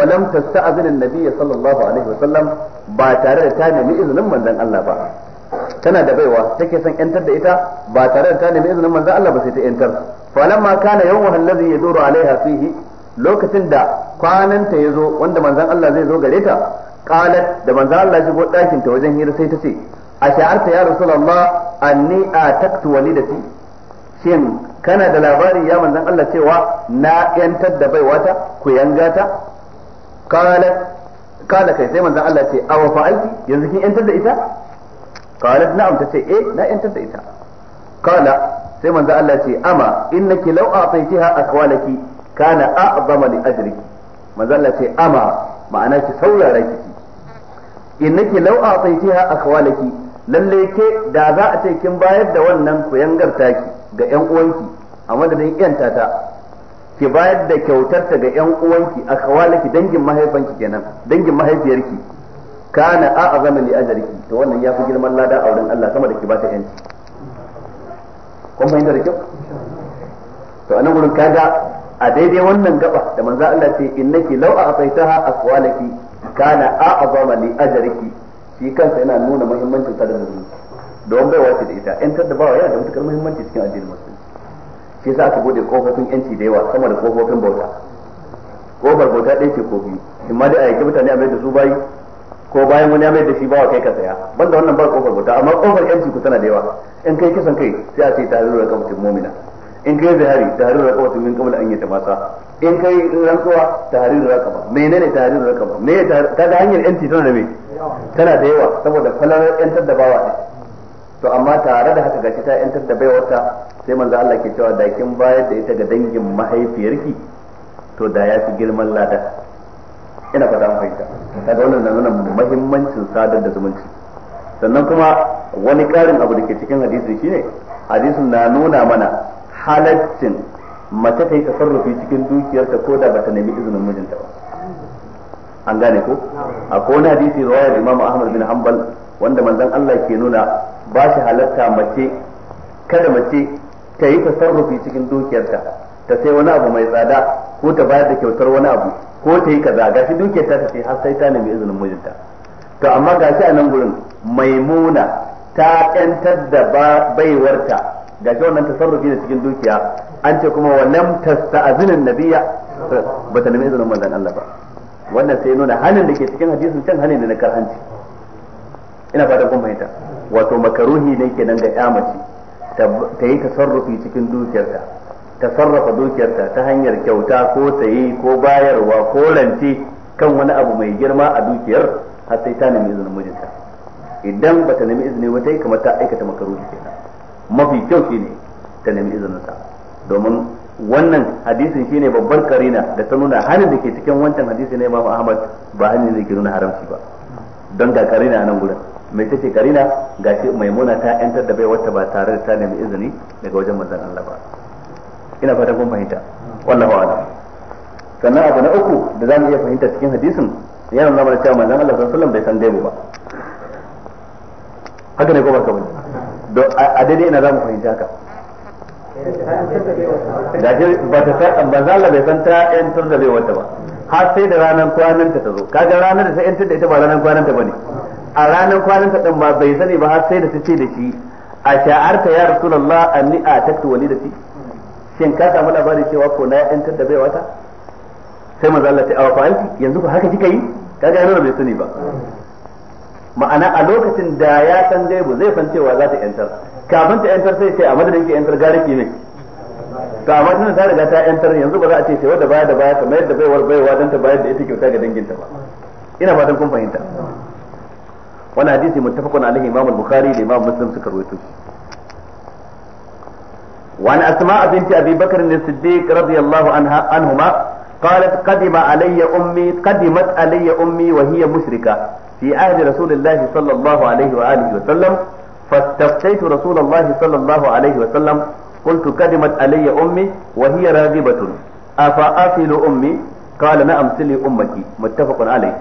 walam tasta'zin an-nabiy sallallahu alaihi wasallam ba tare da ta nemi izinin manzon Allah ba tana da baiwa take son yantar da ita ba tare da ta nemi izinin manzon Allah ba sai ta yantar falamma kana yawmuha alladhi yaduru alaiha fihi lokacin da kwananta ya zo wanda manzan Allah zai zo gare ta qalat da manzan Allah shigo ɗakin ta wajen hira sai ta ce a sha'arta ya rasu rasulullah anni da walidati shin kana da labari ya manzan Allah cewa na yantar da baiwata ku yanga ta qalat kala kai sai manzan Allah ce a wafa fa'alti yanzu kin yantar da ita qalat na'am ce eh na yantar da ita kala sai manzan Allah ce ama innaki law a'taytiha akwalaki kana a'zama li ajriki manzo Allah ce ama ma'ana ki saurara ki innaki law a'taytiha akhwalaki lalle ke da za a ce kin bayar da wannan ku yangarta ki ga yan uwanki a madadin yanta tata ki bayar da kyautar ta ga yan uwanki akhwalaki dangin mahaifanki kenan dangin mahaifiyarki kana a'zama li ajriki to wannan yafi girman lada a wurin Allah sama da ki ba ta yanci kun fahimta da kyau to anan gurin kaga a daidai wannan gaba da manzo Allah ce innaki law a'taitaha aswalaki kana a'zama li ajriki shi kansa yana nuna muhimmancin ta da mutum don bai wace da ita yan bawa yana da matukar muhimmanci cikin addinin musulunci shi yasa aka bude kofofin yanci da yawa sama da kofofin bauta kofar bauta ɗaya ce kofi imma dai a yake mutane a mai da su bayi ko bayan wani ya mai da shi bawa kai ka saya banda wannan ba kofar bauta amma kofar yanci ku tana da yawa in kai kisan kai sai a ce ta zuwa ga mutum mu'mina in kai zahari tahrir raqaba min kamar an tamasa in kai rantsuwa tahrir raqaba menene tahrir raqaba me kaga hanyar yanci tana da me tana da yawa saboda kallon yantar da bawa ne to amma tare da haka gashi ta yantar da baiwarta sai manzo Allah ke cewa da kin bayar da ita ga dangin mahaifiyarki to da ya fi girman lada ina fata an fahimta kaga wannan na nuna muhimmancin sadar da zumunci sannan kuma wani karin abu da ke cikin hadisi shine hadisin na nuna mana halaccin mace ta yi tasarrufi cikin dukiyarta ko da ba ta nemi izinin mijinta ba an gane ko akwai wani hadisi da Imam Ahmad bin Hanbal wanda manzon Allah ke nuna ba shi halatta mace kada mace ta yi tasarrufi cikin dukiyarta ta sai wani abu mai tsada ko ta bayar da kyautar wani abu ko ta yi kaza gashi dukiyarta ta ce har sai ta nemi izinin mijinta to amma gashi a nan gurin maimuna ta yantar da baiwarta ga shi wannan tasarrufi da cikin dukiya an ce kuma wa lam tasta'azinin nabiyya ba ta nemi izinin manzon Allah ba wannan sai nuna halin da ke cikin hadisin can halin da na karhanci ina fata kun fahimta wato makaruhi ne ke nan ga ya mace ta yi tasarrufi cikin dukiyarta ta sarrafa dukiyarta ta hanyar kyauta ko saye ko bayarwa ko rance kan wani abu mai girma a dukiyar har sai ta nemi izinin mijinta idan bata nemi izini ba ta yi kamar ta aikata makaruhi kenan mafi kyau ne ta nemi izinin sa domin wannan hadisin shine babbar karina da ta nuna hanin da ke cikin wancan hadisi na Imam Ahmad ba hanin da ke nuna haramci ba don ga karina nan gudan mai ce karina gashi maimuna ta yantar da bai wata ba tare da ta nemi izini daga wajen mazan Allah ba ina fata kun fahimta wallahu a'lam sannan abu na uku da za mu iya fahimta cikin hadisin yana nuna mana cewa manzon Allah sallallahu alaihi wasallam bai san dai ba haka ne ko ba ka bane a daidai ina za mu fahimta haka da shi ba ta san ba za bai san ta yantar da bai wata ba har sai da ranar kwanan ta zo kaga ranar da ta yantar da ita ba ranar kwanan ta bane a ranar kwanan ta din ba bai sani ba har sai da ta ce da shi a sha'arta ya rasulullah anni a da shi. shin ka samu labarin cewa ko na yantar da bai wata sai manzo Allah ta awa fa yanzu ko haka kika yi kaga yana bai sani ba ma'ana a lokacin da ya san gaibu zai san cewa za ta yantar kafin ta yantar sai ce a madadin ki yantar gare ki ne to amma tana ta riga ta yantar yanzu ba za a ce sai da baya da baya kamar yadda baiwar baiwa don ta bayar da ita kyauta ga danginta ba ina fatan kun fahimta wani hadisi muttafaqun alaihi imam al-bukhari da imam muslim suka rawaito shi وعن أسماء بنت أبي بكر الصديق رضي الله عنها عنهما قالت قدم علي أمي قدمت علي أمي وهي مشركة في عهد رسول الله صلى الله عليه وآله وسلم فاستفتيت رسول الله صلى الله عليه وسلم قلت قدمت علي أمي وهي راغبة أفأصل أمي قال نعم سلي أمك متفق عليه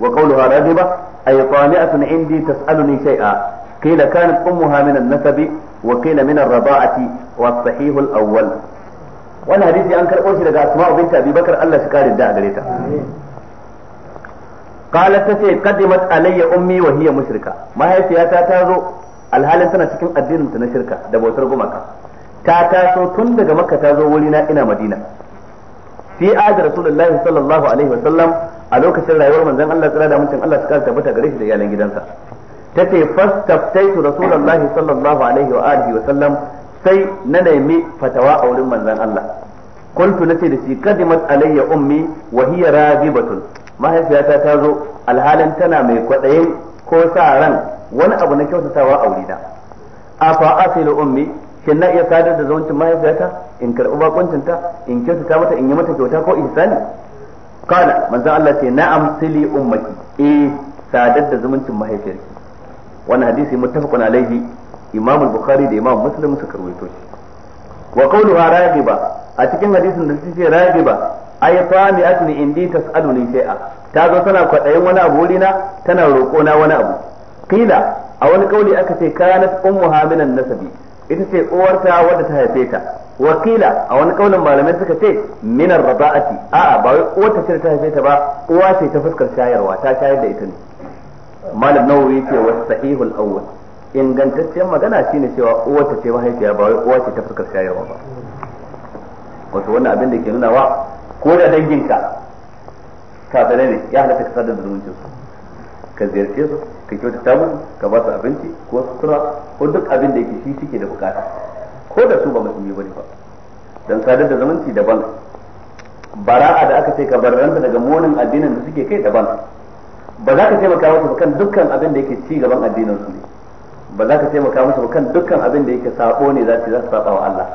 وقولها راغبة أي طامئة عندي تسألني شيئا قيل كانت أمها من النسب وقيل من الرضاعة والصحيح الأول wannan hadisi an karɓo shi daga asma'u binta abubakar Allah shi kare da gare ta qalat tace qadimat alayya ummi wa hiya mushrika mahaifiyata ta zo alhalin tana cikin addinin ta na shirka da bautar gumaka ta taso tun daga makka ta zo wurina ina madina fi ahdi rasulullahi sallallahu alaihi wa sallam a lokacin rayuwar manzon Allah tsira da mutum Allah ta tabbata gare shi da iyalan gidansa tace fastaftaitu rasulullahi sallallahu alaihi wa alihi wa sallam sai na nemi fatawa a wurin manzon Allah kuntu nace da shi kadimat alayya ummi wa hiya ragibatun mahaifiyata ta zo alhalin tana mai kwaɗayin ko sa ran wani abu na kyautatawa a wurina afa asilu ummi shin na iya sadar da zauncin mahaifiyata in karɓi bakuncinta in kyautata mata in yi mata kyauta ko ihsani kana manzo Allah ce na'am sili ummaki eh sadar da zumuncin mahaifiyarki wannan hadisi muttafaqun alaihi imam al-bukhari da imam muslim suka rawaito shi wa qawluha ba a cikin hadisin da suke ragiba ai fami asli indi tasaluni shay'a ta zo tana kwadayin wani abu na tana roko na wani abu qila a wani kauli aka ce kanat ummu haminan nasabi ita ce uwarta wadda ta haife ta wakila a wani kaulin malamai suka ce minar a a'a ba wai uwarta ce ta haife ta ba uwa ce ta fuskar shayarwa ta shayar da ita ne malam nawawi ce wa sahihul awwal ingantacciyar magana shine cewa uwarta ce mahaifiya ba wai uwa ce ta fuskar shayarwa ba wato wannan abin da ke nuna wa ko da danginka kafirai ne ya halatta ka sadar da zumuncin su ka ziyarce su ka kyauta ta mu ka ba su abinci ko sutura ko duk abin da yake shi suke da bukata ko da su ba musulmi bane ba dan sadar da zumunci daban bara'a da aka ce ka bar ranta daga monin addinin da suke kai daban ba za ka taimaka musu kan dukkan abin da yake ci gaban addinin su ne ba za ka taimaka musu kan dukkan abin da yake sabo ne za su saba wa Allah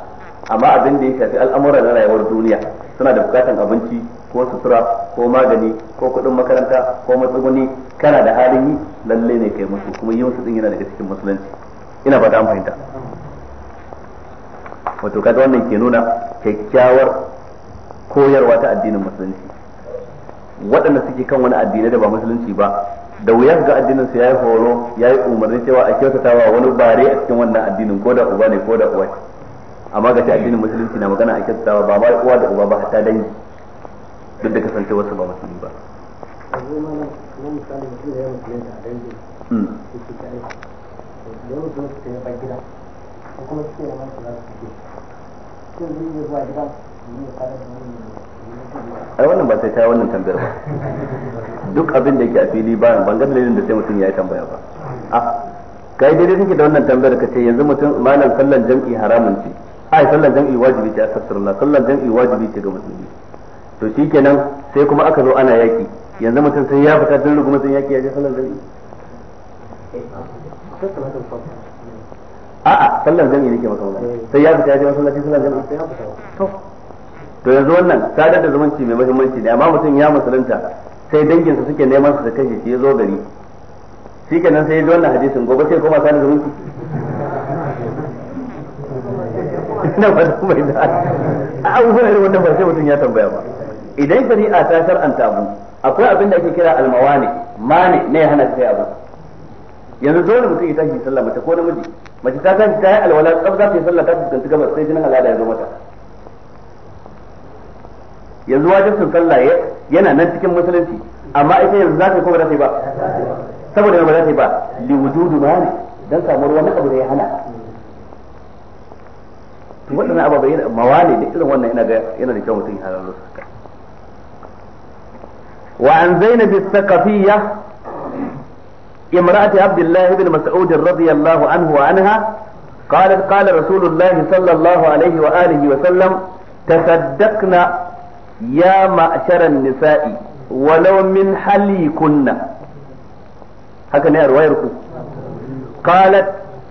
amma abin da ya shafi al'amura na rayuwar duniya suna da bukatan abinci ko sutura ko magani ko kuɗin makaranta ko matsuguni kana da halin yi lalle ne kai musu kuma yi musu din yana daga cikin musulunci ina fata an fahimta wato kaga wannan ke nuna kyakkyawar koyarwa ta addinin musulunci waɗanda suke kan wani addinai da ba musulunci ba da wuya ga addinin su ya yayi horo yi umarni cewa a kyautatawa wani bare a cikin wannan addinin ko da uba ne ko da uwa amma ga addinin musulunci na magana a kyautatawa ba ba uwa da uba ba ta dangi duk da kasance wasu ba musulmi ba ai wannan ba sai ta wannan tambayar ba duk abin da yake a fili ba ban ga dalilin da sai mutum ya yi tambaya ba a ah, kai daidai take da wannan tambayar ka ce yanzu mutum malam sallan jam'i haramun ce ai sallar jam'i wajibi ce Allah sallar jam'i wajibi ce ga musulmi to shikenan sai kuma aka zo ana yaki yanzu mutum sai ya fita dun rugu mutum yaki ya je sallar jam'i a'a sallar jam'i nake maka magana sai ya fita ya je masallaci sallar jam'i to to yanzu wannan sadar da zumunci mai muhimmanci ne amma mutum ya musulunta sai danginsa suke neman su da kashe shi ya zo gari shikenan sai ya ji wannan hadisin gobe sai koma sani zumunci ina ba da kuma abubuwan irin wannan ba sai mutum ya tambaya ba idan shari'a ta shar'anta abu akwai abin da ake kira almawani mani ne hana kai abu yanzu dole mutum ya tashi sallah mace ko namiji mace ta tashi ta yi alwala tsaf za ta yi sallah ta fuskanci gabas sai jinin al'ada ya zo mata yanzu wajen sun sallah yana nan cikin musulunci amma ita yanzu za ta yi ko ba za ta yi ba saboda ba za ta yi ba liwujudu mani dan samuwar wani abu da ya hana to waɗannan ababai mawali da irin wannan yana da yana da kyau mutum ya halalo su wa an zainab as-saqafiyya imra'ati abdullah ibn mas'ud radiyallahu anhu wa anha قالت قال رسول الله صلى الله عليه وآله وسلم تصدقنا يا معشر النساء ولو من حليكن هكذا رواية قالت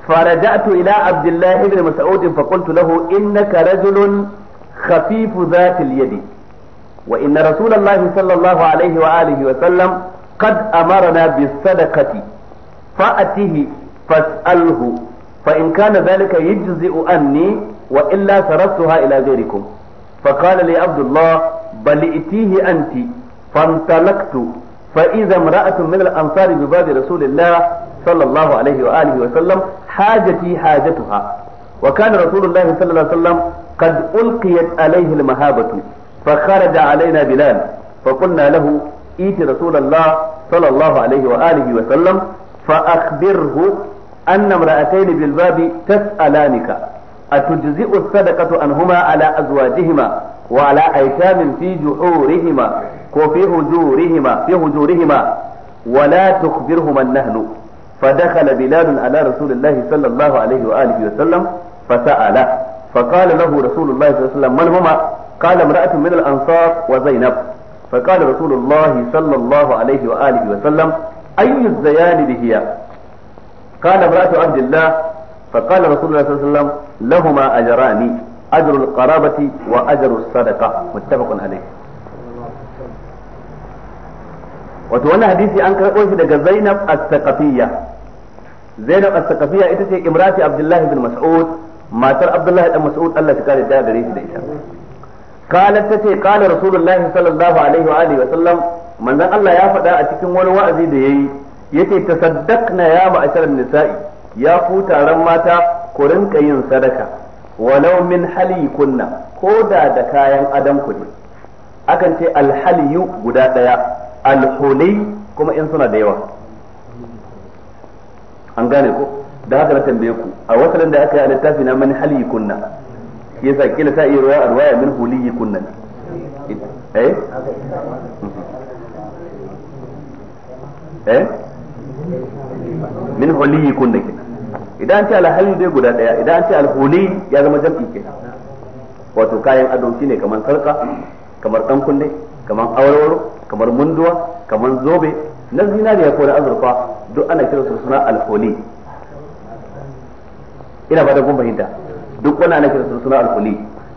فرجعت إلى عبد الله بن مسعود فقلت له إنك رجل خفيف ذات اليد وإن رسول الله صلى الله عليه وآله وسلم قد أمرنا بالصدقة فأته فاسأله فإن كان ذلك يجزئ أني وإلا تركتها إلى غيركم فقال لي عبد الله بل ائتيه أنت فانطلقت فإذا امرأة من الأنصار بباب رسول الله sallallahu alaihi wa alihi wa sallam hajati hajatuha wa kana rasulullahi sallallahu alaihi wa sallam قد ألقيت عليه المهابة فخرج علينا بلال فقلنا له إيت رسول الله صلى الله عليه وآله وسلم فأخبره أن امرأتين بالباب تسألانك أتجزئ الصدقة عنهما على أزواجهما وعلى أيتام في جحورهما وفي هجورهما في هجورهما ولا تخبرهما النهل فدخل بلال على رسول الله صلى الله عليه وآله وسلم فسأل فقال له رسول الله صلى الله عليه وسلم من هما قال امرأة من الأنصار وزينب فقال رسول الله صلى الله عليه وآله وسلم أي الزيان هي قال امرأة عبد الله فقال رسول الله صلى الله عليه وسلم لهما أجران أجر القرابة وأجر الصدقة متفق عليه wato wannan hadisi an karɓo shi daga Zainab as-Saqafiyya Zainab as-Saqafiyya ita ce imrati Abdullahi bin Mas'ud matar Abdullahi dan Mas'ud Allah ta kare da gare shi da ita قالت تتي قال رسول الله صلى الله عليه وآله وسلم من ذا الله يا فدا أتكن ولا وأزي دي يتي تصدقنا يا معشر النساء يا فوتا رماتا كورن كين صدقة ولو من حلي كنا كودا دكايا أدم كنا akan ce alhaliyu guda ɗaya alhulai kuma in suna da yawa an gane ko da haka na tambaye ku a wasalan da aka yi a littafi na man hali kunna shi yasa kila sa iya ruwa alwaya min yi kunna eh eh min yi kunna kenan idan an ce alhali dai guda daya idan an ce alhuli ya zama jam'i kenan wato kayan ado shine kamar sarka kamar dan kunne kamar aurewar kamar munduwa kamar zobe na zinariya ko na azurfa duk ana kira su suna alholi ina ba da kun fahimta duk wani ana kira su suna alholi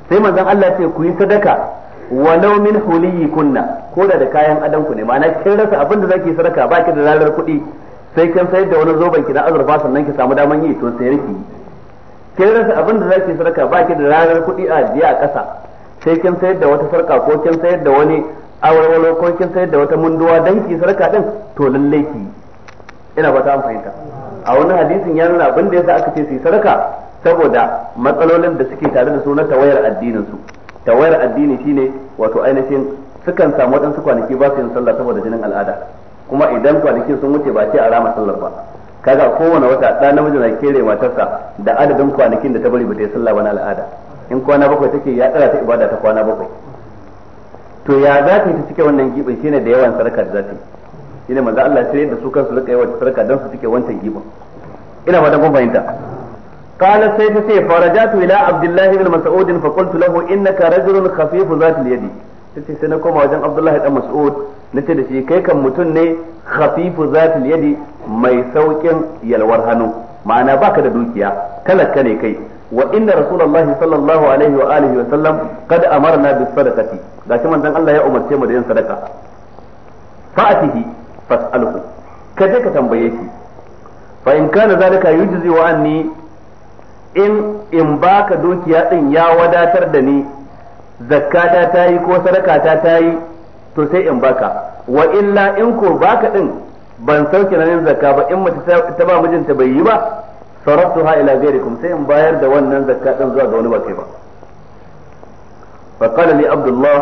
sai manzon Allah ce ku yi sadaka walau min kunna ko da da kayan adan ku ne ma'ana kin rasa abin da zaki sadaka ba ki da lalar kuɗi sai kin sayar da wani zoben ki na azurfa sannan ki samu daman yi to sayar ki kin rasa abin da zaki sadaka ba ki da lalar kuɗi a biya a ƙasa sai kin sayar da wata sarka ko kin sayar da wani awarwalo ko kin sayar da wata munduwa dan ki sarka din to lalle ki ina ba ta fahimta a wani hadisin ya nuna abin da yasa aka ce su sarka saboda matsalolin da suke tare da su na tawayar addinin su tawayar addini shine wato ainihin sukan samu waɗansu kwanaki ba su yin sallah saboda jinin al'ada kuma idan kwanakin sun wuce ba ce a rama sallar ba kaga kowane wata ɗan namiji na kere matarsa da adadin kwanakin da ta bari ba ta yi sallah ba na al'ada in kwana bakwai take ya tsara ta ibada ta kwana bakwai to ya za ta yi ta cike wannan gibin shine da yawan sarka da za ta yi shine manzo Allah sai da su kansu rika yawan sarka dan su cike wancan gibin ina da kun fahimta قال سيد سيف فرجعت إلى عبد الله بن مسعود فقلت له إنك رجل خفيف ذات اليد tace sai na koma wajen Abdullahi dan Mas'ud ce da shi kai kan mutum ne khafifu zatil yadi mai saukin yalwar hannu ma'ana baka da dukiya talaka ne kai wa inna rasulullahi sallallahu alaihi wa alihi wa sallam kad amarna bis sadaqati gashi manzon Allah ya umarce mu da yin sadaka fa'atihi fas'alhu ka je ka tambaye shi fa in kana zalika yujzi wa anni in in baka dukiya din ya wadatar da ni zakata ta yi ko sadaka ta yi to in baka wa illa in ko baka din ban sauke na zakka ba in mace ta ba mijinta bai yi ba sarraftuha ila ghairikum sai in bayar da wannan zakka dan zuwa ga wani ba kai ba fa qala li abdullah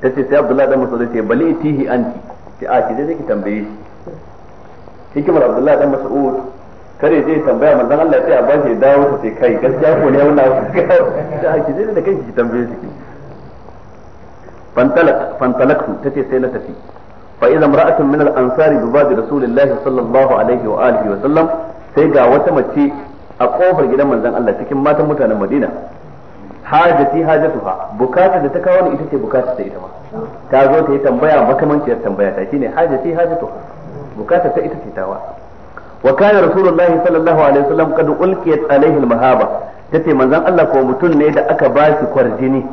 tace sai abdullah dan mas'ud ce bali tihi anti ki a ki dai ki tambaye shi hikimar abdullah dan mas'ud kare zai tambaya manzon Allah sai a ba shi dawo ta sai kai gaskiya ko ne wannan ta a ki dai da kanki ki tambaye shi fantalak fantalaktu tace sai na tafi fa idza imra'atun min al-ansari bi ba'd rasulillahi sallallahu alaihi wa sallam sai ga wata mace a kofar gidan manzon Allah cikin matan mutanen Madina hajati hajatuha bukatar da ta kawo ni ita ce bukatar ta ita ma ta zo ta yi tambaya makamanciyar tambaya ta shine hajati hajatuha bukatar ta ita ce tawa wa kana rasulullahi sallallahu alaihi wasallam kad ulqiyat alaihi almahaba tace manzon Allah ko mutum ne da aka ba shi kwarjini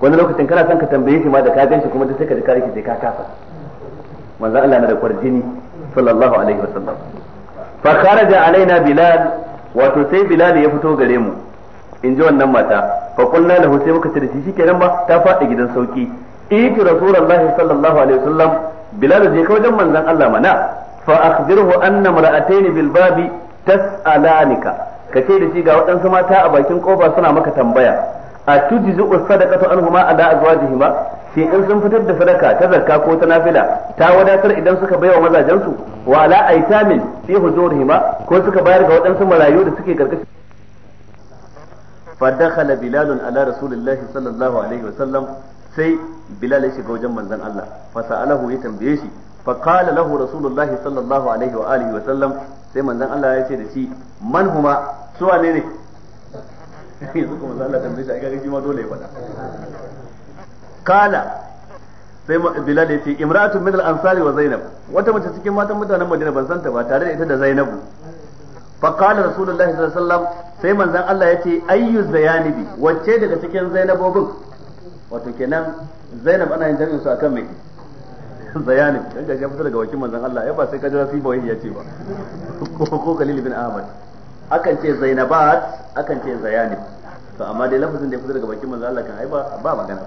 wani lokacin kana son ka tambaye shi ma da ka gan shi kuma sai ka ji ka rike ka kasa manzon Allah na da kwarjini sallallahu alaihi wasallam fa kharaja alaina bilal wato sai bilal ya fito gare mu in ji wannan mata fa da lahu sai muka ce da shi nan ba ta faɗi gidan sauki iki rasulullahi sallallahu alaihi wasallam bilal je ka wajen manzon Allah mana fa akhbirhu anna mar'atayn bil babi tas'alanika kace da shi ga waɗansu mata a bakin kofa suna maka tambaya a tujzi sadaqatu anhuma ala azwajihima sai in sun fitar da sadaka ta zakka ko ta nafila ta wadatar idan suka baiwa mazajensu wa ala aitamin fi hujurihima ko suka bayar ga waɗansu marayu da suke karkashin فدخل بلال على رسول الله صلى الله عليه وسلم sai bilal ya shiga wajen manzon Allah fa sa'alahu ya tambaye shi fa qala lahu rasulullahi sallallahu alaihi wa alihi wa sallam sai manzon Allah ya ce da shi man huma su wane ne ya faɗa kala sai bilal ya ce imra'atun min al-ansari wa zainab wata mace cikin matan mutanen madina ban santa ba tare da ita da zainab fa qala rasulullahi sallallahu alaihi wasallam sai manzon Allah ya ce ayyu zayanibi wacce daga cikin zainabobin wato kenan zainab ana yin jami'in su akan mai zayanib dan gashi ya fito daga wakin manzon Allah ya ba sai kajira sai bawai ya ce ba ko Khalil bin Ahmad akan ce zainabat akan ce zayanib to amma dai lafazin da ya fito daga bakin manzon Allah kan ai ba ba magana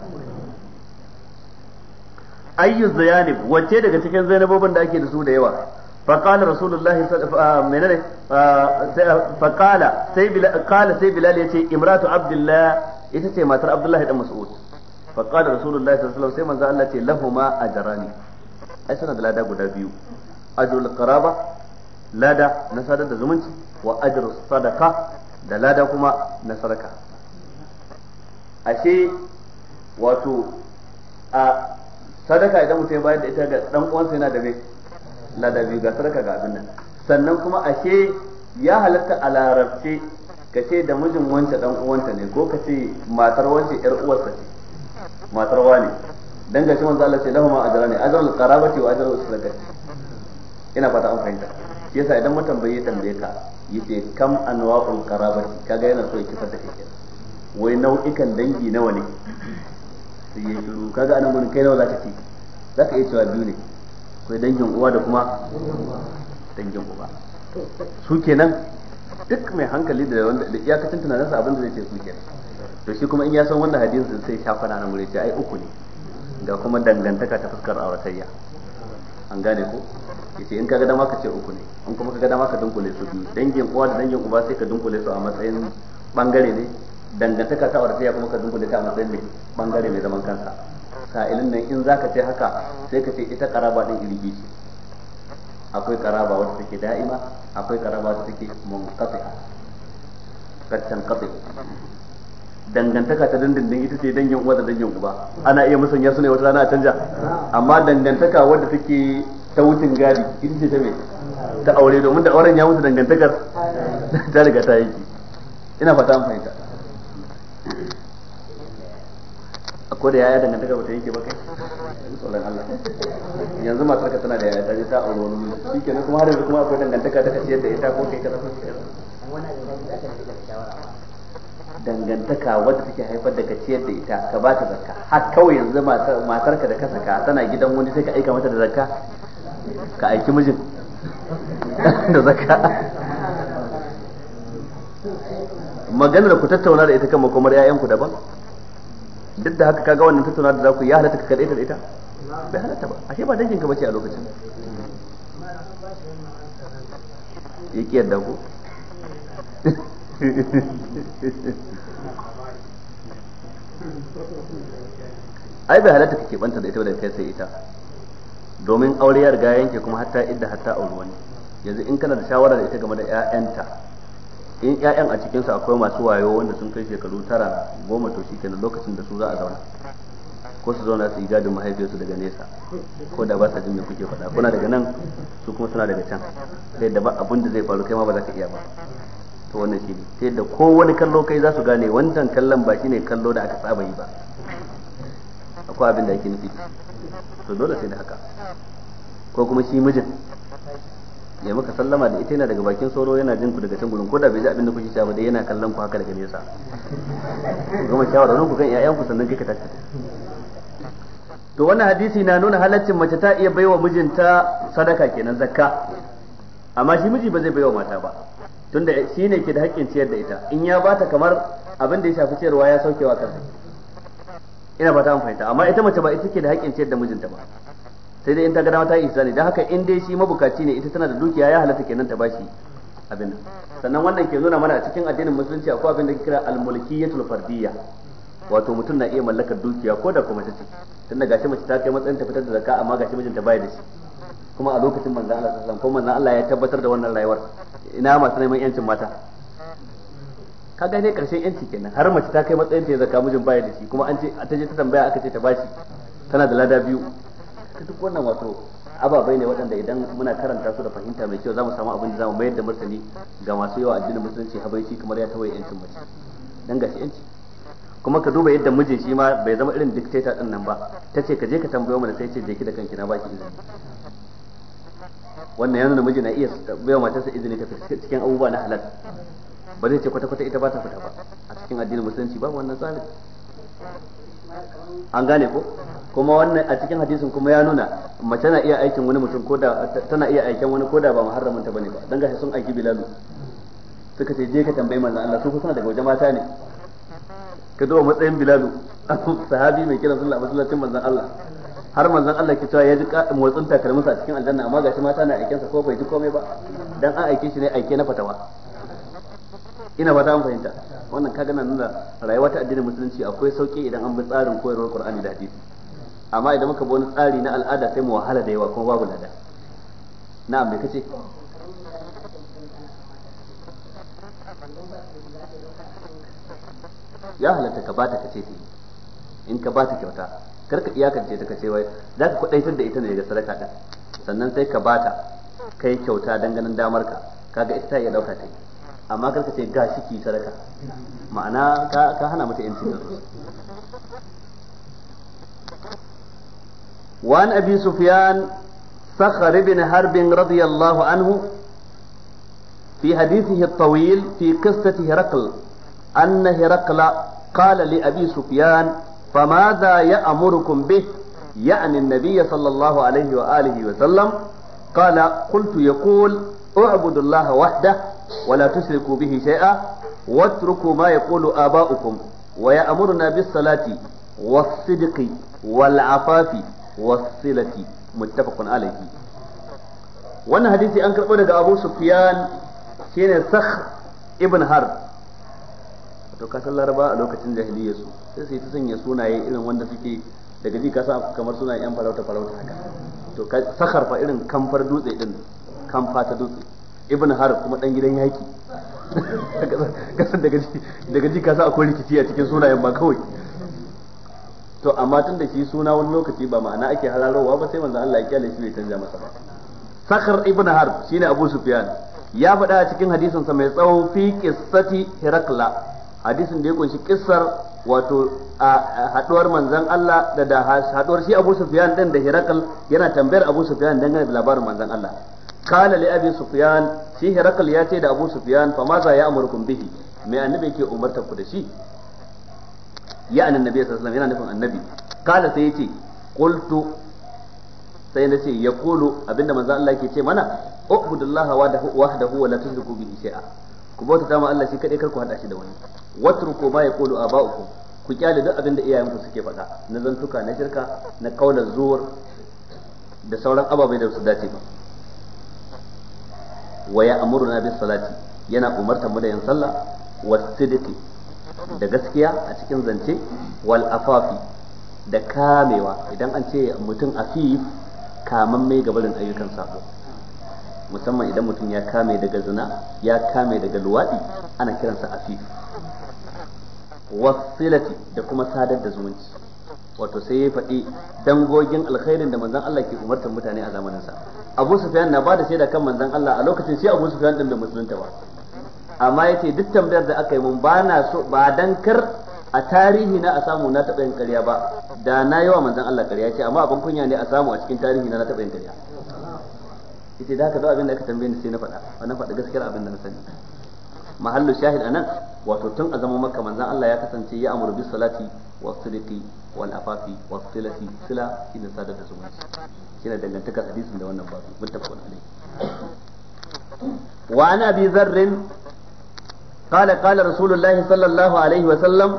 ayyu zayanib wacce daga cikin zainabobin da ake da su da yawa فقال رسول الله منene فقال سي بلال قال سي بلال yace imratu abdullah ita ce matar abdullahi dan mas'ud fa qala rasulullahi sallallahu alaihi wasallam sai manzo Allah ce lahuma ajrani ai suna da lada guda biyu ajrul qaraba lada na sadar da zumunci wa ajrus sadaka da lada kuma na sadaka ashe wato a sadaka idan mutum ya bayar da ita ga dan uwansa yana da mai ladabi ga sadaka ga abin nan sannan kuma ashe ya halatta a larabce ka ce da mijin wancan dan uwanta ne ko ka ce matar wancan yar uwarsa ce matar wani dan gashi manzo Allah ce lahuma ajrani ajrul qarabati wa ajrul sadaqati ina fata an fahimta yasa idan matambaye tambaye ka yace kam anwa'ul qarabati kaga yana so ya kisa take kike wai nau'ikan dangi nawa ne sai ya shiru kaga anan gurin kai nawa zaka ci zaka iya cewa biyu ne akwai dangin uwa da kuma dangin uba su kenan duk mai hankali da wanda da iyakacin tunaninsa abin da zai ce su kenan to shi kuma in ya san wannan hadisi sai shafa na nan gurin ce ai uku ne ga kuma dangantaka ta fuskar auratayya an gane ko yace in kaga dama ka ce uku ne in kuma kaga dama ka dunkule su biyu dangin uwa da dangin uba sai ka dunkule su a matsayin bangare ne dangantaka ta ya kuma ka dunkule ta matsayin mai bangare mai zaman kansa sa'ilin nan in ka ce haka sai ka ce ita karaba din irgi ce akwai karaba wadda take da'ima akwai karaba wadda take munqati'a kattan qati dangantaka ta dindindin ita ce dangin uwa da dangin uba ana iya musanya su ne wata rana a canja amma dangantaka wadda take ta wucin gadi ita ce ta me ta aure domin da auren ya mutu dangantakar ta riga ta yi ina fata an fahimta ko da yaya dangantaka ba ta yanke ba kai tsoron Allah yanzu masu ka tana da yaya ta ta aure wani shi kenan kuma har yanzu kuma akwai dangantaka ta kasiyar da ita ko kai ka zama dangantaka wadda take haifar da kaciyar da ita ka ba ta zakka har kawai yanzu ka da ka saka tana gidan wani sai ka aika mata da zakka ka aiki mijin da zakka maganar ku tattauna da ita kan makomar 'ya'yanku daban duk da haka kaga wannan tattauna da zaku ya halatta ka kadaita da ita bai halatta ba ashe ba dangin ka bace a lokacin yake yadda ku ai bai halatta kake banta da ita da kai sai ita domin aure ya riga yanke kuma hatta idda hatta aure wani yanzu in kana da shawara da ita game da ƴaƴanta in ƴaƴan a cikin su akwai masu wayo wanda sun kai shekaru tara goma to kenan lokacin da su za a zauna ko su zauna su yi gadin mahaifiyarsu daga nesa ko da ba sa jin me kuke faɗa kuna daga nan su kuma suna daga can sai da ba abin da zai faru kai ma ba za ka iya ba to wannan shi ne ta yadda ko wani kallo kai za su gane wancan kallon ba shine kallo da aka saba yi ba akwai abin da ake nufi to dole sai da haka ko kuma shi mijin ya muka sallama da ita yana daga bakin sauro yana jin ku daga can gurin koda bai ji abin da kuke cewa ba dai yana kallon ku haka daga nesa ku gama shawara ku kan iyayen ku sannan kika tashi to wannan hadisi na nuna halaccin mace ta iya baiwa mijinta sadaka kenan zakka amma shi miji ba zai baiwa mata ba tunda shi ne ke da haƙƙin ciyar da ita in ya bata kamar abin da ya shafi ciyarwa ya saukewa kansa ina fata an fahimta amma ita mace ba ita ke da haƙƙin ciyar da mijinta ba sai dai in ta ga ta yi ihsani dan haka in dai shi mabukaci ne ita tana da dukiya ya halatta kenan ta bashi abin sannan wannan ke nuna mana a cikin addinin musulunci akwai abin da ke kira al-mulkiyatul fardiyya wato mutum na iya mallakar dukiya ko da kuma ce tunda gashi mace ta kai matsayin ta fitar da zakka amma gashi mijinta bai da shi kuma a lokacin manzon Allah sallallahu alaihi wasallam ko manzon Allah ya tabbatar da wannan rayuwar ina masu neman yancin mata ka ne karshen yanci kenan har mace ta kai matsayin ta zakka mijin bai da shi kuma an ce ta je ta tambaya aka ce ta bashi tana da lada biyu duk wannan wato ababai ne waɗanda idan muna karanta su da fahimta mai kyau za mu samu abin da za mu mayar da martani ga masu yawa addinin musulunci habaici kamar ya tawaye yancin mace dan gashi yanci kuma ka duba yadda mijin shi ma bai zama irin dictator din nan ba tace ka je ka tambayo mana sai ce je ki da kanki na baki izini wannan yana da miji na iya wa matarsa izini ta fita cikin abubuwa na halal ba zai ce kwata-kwata ita ba ta fita ba a cikin addinin musulunci ba wannan tsarin an gane ko kuma wannan a cikin hadisin kuma ya nuna mace na iya aikin wani mutum ko da tana iya aikin wani ko da ba muharramin ta bane ba dan gashi sun aiki bilalu suka ce je ka tambayi manzon Allah sun kusa daga waje mata ne ka duba matsayin bilalu sahabi mai kiran alaihi wasallam manzon Allah har manzon Allah ke cewa ya ji motsin takalminsa a cikin aljanna amma gashi mata na sa ko bai ji komai ba dan an aike shi ne aike na fatawa ina ba ta an fahimta wannan kaga nan nuna rayuwa ta addinin musulunci akwai sauki idan an bi tsarin koyarwar Qur'ani da hadisi amma idan muka bi wani tsari na al'ada sai mu wahala da yawa kuma babu lada na'am me kace ya halatta ka bata kace ta in ka bata kyauta kar ka iyakance ta kace wai za ka kwadaitar da ita ne daga sadaka din sannan sai ka bata kai kyauta danganin damar ka kaga ita ta iya dauka ta yi amma karka ce ga shi ki sadaka ma'ana ka hana mata yancin da وعن أبي سفيان صخر بن حرب رضي الله عنه في حديثه الطويل في قصة هرقل أن هرقل قال لأبي سفيان فماذا يأمركم به يعني النبي صلى الله عليه وآله وسلم قال قلت يقول اعبد الله وحده wala تشركوا bihi شيئا واتركوا ما يقول آباؤكم wa بالصلاة والصدق salati والصلة متفق عليه afafi حديثي silati muttafaqun alayhi wannan hadisi an karbo daga Abu Sufyan shine Sakh ibn Harb to ka san laraba a lokacin jahiliya su sai sai ta sanya sunaye irin wanda suke daga ji ka san kamar sunayen yan farauta farauta haka to ka sakar fa irin kamfar dutse din kamfa ta dutse ibn har kuma dan gidan yaki daga ji daga ji ka sa akwai rikici a cikin sunayen ba kawai to amma tun da shi suna wani lokaci ba ma'ana ake halarowa ba sai manzon Allah ya kyale shi bai canja masa ba sakar ibn harb shine abu sufyan ya faɗa a cikin hadisin sa mai tsawo fi qissati hirakla hadisin da ya kunshi kissar wato a haduwar manzon Allah da da haduwar shi abu sufyan din da hirakal yana tambayar abu sufyan dangane da labarin manzon Allah qala li abi sufyan shi hirakal ya ce da abu sufyan fa ma za ya amurkum bihi me annabi yake umartar ku da shi ya annabi sallallahu alaihi yana nufin annabi kala sai yace qultu sai na ce ya kulu abinda manzo Allah yake ce mana ubudullaha wahdahu wa la tushriku bihi shay'a ku bauta ta ma Allah shi kadai kar ku hada shi da wani watruku ma yaqulu aba'ukum ku kyale duk abinda iyayenku suke faɗa na zantuka na shirka na kaulan zuwar da sauran ababai da su dace ba wa na bis salati yana umartar mu da yin sallah was da gaskiya a cikin zance wal afafi da kamewa idan an ce mutum afif kaman mai gabarin ayyukan sako musamman idan mutum ya kame daga zina ya kame daga luwadi ana kiransa afif wasilati da kuma sadar da zumunci wato sai ya faɗi dangogin alkhairin da manzan Allah ke umartar mutane a zamanin sa Abu Sufyan na bada shaida kan manzan Allah a lokacin shi Abu Sufyan din da musulunta ba amma yace duk tambayar da aka yi mun ba na so ba dan kar a tarihi na a samu na taɓa yin ƙarya ba da na yi wa manzan Allah ƙarya ce amma abin kunya ne a samu a cikin tarihi na na taɓa yin ƙarya ita da haka zo abin da aka tambaye ni sai na faɗa na faɗa gaskiyar abin da na sani mahallu shahid anan wato tun a zama maka manzan Allah ya kasance ya amuru bis salati was sidqi wal afafi wa silati sila shine sadar da zumunci shine dangantakar hadisin da wannan babu muttafaqun alai wa an abi dharr قال قال رسول الله صلى الله عليه وسلم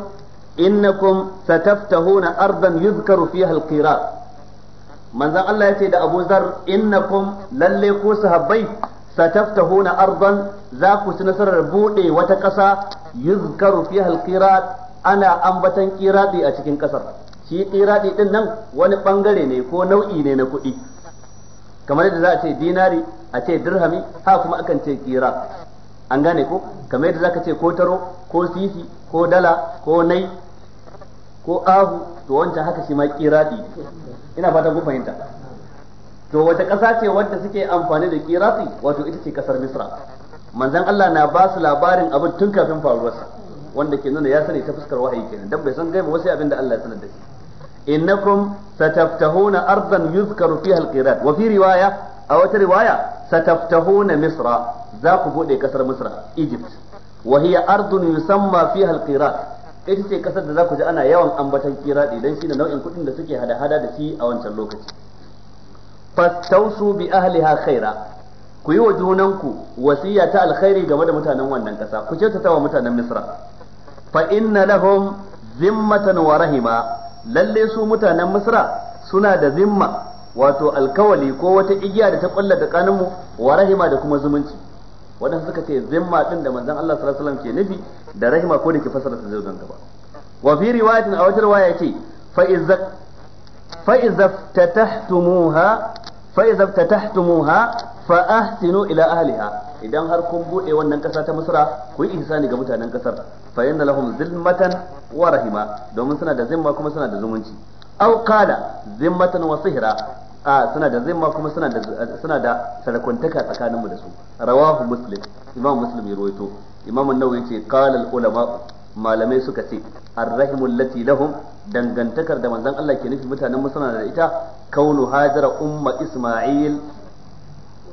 إنكم ستفتحون أرضا يذكر فيها القراء manzan Allah ya ce da Abu Zar innakum lalle ko sahabbai sataftahuna ardan za ku ci nasarar bude wata ƙasa yuzkaru fiha alqirat ana ambatan qiradi a cikin ƙasar shi qiradi din nan wani bangare ne ko nau'i ne na kuɗi kamar yadda za a ce dinari a ce dirhami ha kuma akan ce qira an gane ko kamar yadda zaka ce ko taro ko sisi ko dala ko nai ko ahu to wancan haka shi ma qiradi ina fatan ku fahimta to wata ƙasa ce wadda suke amfani da kirasi wato ita ce ƙasar misra manzon Allah na ba su labarin abin tun kafin faruwarsa wanda ke nuna ya sani ta fuskar wahayi kenan dan bai san ba wasu abin da Allah ya sanar da shi innakum sataftahuna ardan yuzkaru fiha alqirat wa fi riwaya a wata riwaya sataftahuna misra za ku bude kasar misra egypt wa hiya ardun yusamma fiha alqirat ita ce kasar da za ku ji ana yawan ambatan kiradi dan shine nau'in kudin da suke hada-hada da shi a wancan lokaci fastausu bi ahliha khaira ku yi wa junanku wasiya ta alkhairi game da mutanen wannan kasa ku ta wa mutanen misra fa inna lahum zimmatan wa rahima lalle su mutanen misra suna da zimma wato alkawali ko wata igiya da ta kulla da mu wa rahima da kuma zumunci wadanda suka ce zimma din da manzon Allah sallallahu alaihi wasallam ke nufi da rahima ko da ke fasara ta zai gaba wa fi riwayatin a wata riwaya ce fa فإذا افتتحتموها فإذا افتتحتموها فأحسنوا إلى أهلها idan har kun bude wannan kasa ta Misra ku yi ihsani ga mutanen kasar fa yanna lahum zilmatan wa rahima domin suna da zimma kuma suna da zumunci aw qala zimmatan wa sihra a suna da zimma kuma suna da suna da sarakuntaka tsakaninmu da su rawahu muslim imam muslim ya rawaito imam an-nawawi yace qala al-ulama malamai suka ce arrahimul lati lahum dangantakar da manzon Allah ke nufi mutanen musana da ita kaunu hajara umma isma'il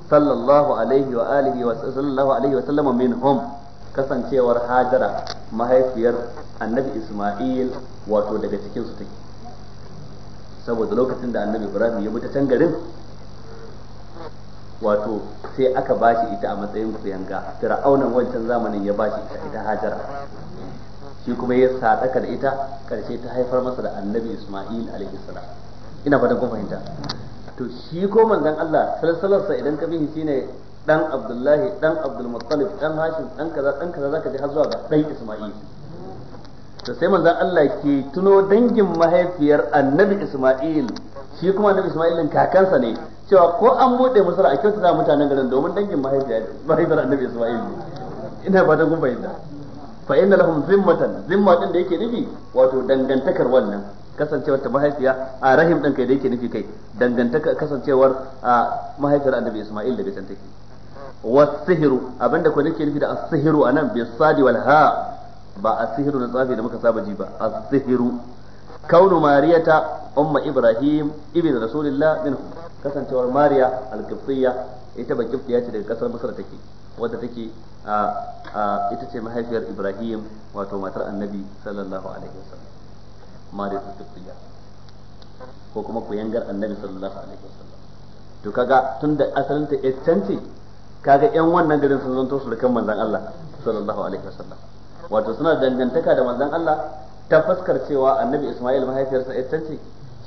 sallallahu alaihi wa alihi wa sallallahu alaihi wa sallama minhum kasancewar hajara mahaifiyar annabi isma'il wato daga cikin su take saboda lokacin da annabi ibrahim ya bi can garin wato sai aka bashi ita a matsayin kuyanga fir'aunan wancan zamanin ya bashi ita ita hajara shi kuma ya sadaka da ita karshe ta haifar masa da annabi Isma'il alaihi salam ina fatan kun fahimta to shi ko manzon Allah sallallahu alaihi idan ka bi shine dan Abdullahi dan Abdul Muttalib dan Hashim dan kaza dan kaza zaka ji har zuwa ga dai Isma'il to sai manzon Allah ke tuno dangin mahaifiyar annabi Isma'il shi kuma annabi Isma'il kakansa ne cewa ko an bude musar a kyautata mutanen garin domin dangin mahaifiyar annabi Isma'il ina fatan kun fahimta fa inna lahum zimmatan zimma din da yake nufi wato dangantakar wannan kasancewar ta mahaifiya a rahim din kai da yake nufi kai dangantaka kasancewar a mahaifiyar annabi Isma'il da bisan take wasihiru abinda ko nake nufi da asihiru anan bi sadi wal ha ba sihiru na tsafi da muka saba ji ba asihiru kaunu mariyata umma ibrahim ibn rasulillah din kasancewar mariya al-qibtiyya ita ba qibtiyya ce daga kasar masar take wadda take ita ce mahaifiyar Ibrahim wato matar Annabi sallallahu alaihi wasallam ta Tafiya ko kuma kuyangar Annabi sallallahu alaihi wasallam to kaga tunda asalin ta ce kaga ƴan wannan garin sun zanto su kan manzon Allah sallallahu alaihi wasallam wato suna dangantaka da manzon Allah ta fuskar cewa Annabi Isma'il mahaifiyarsa ce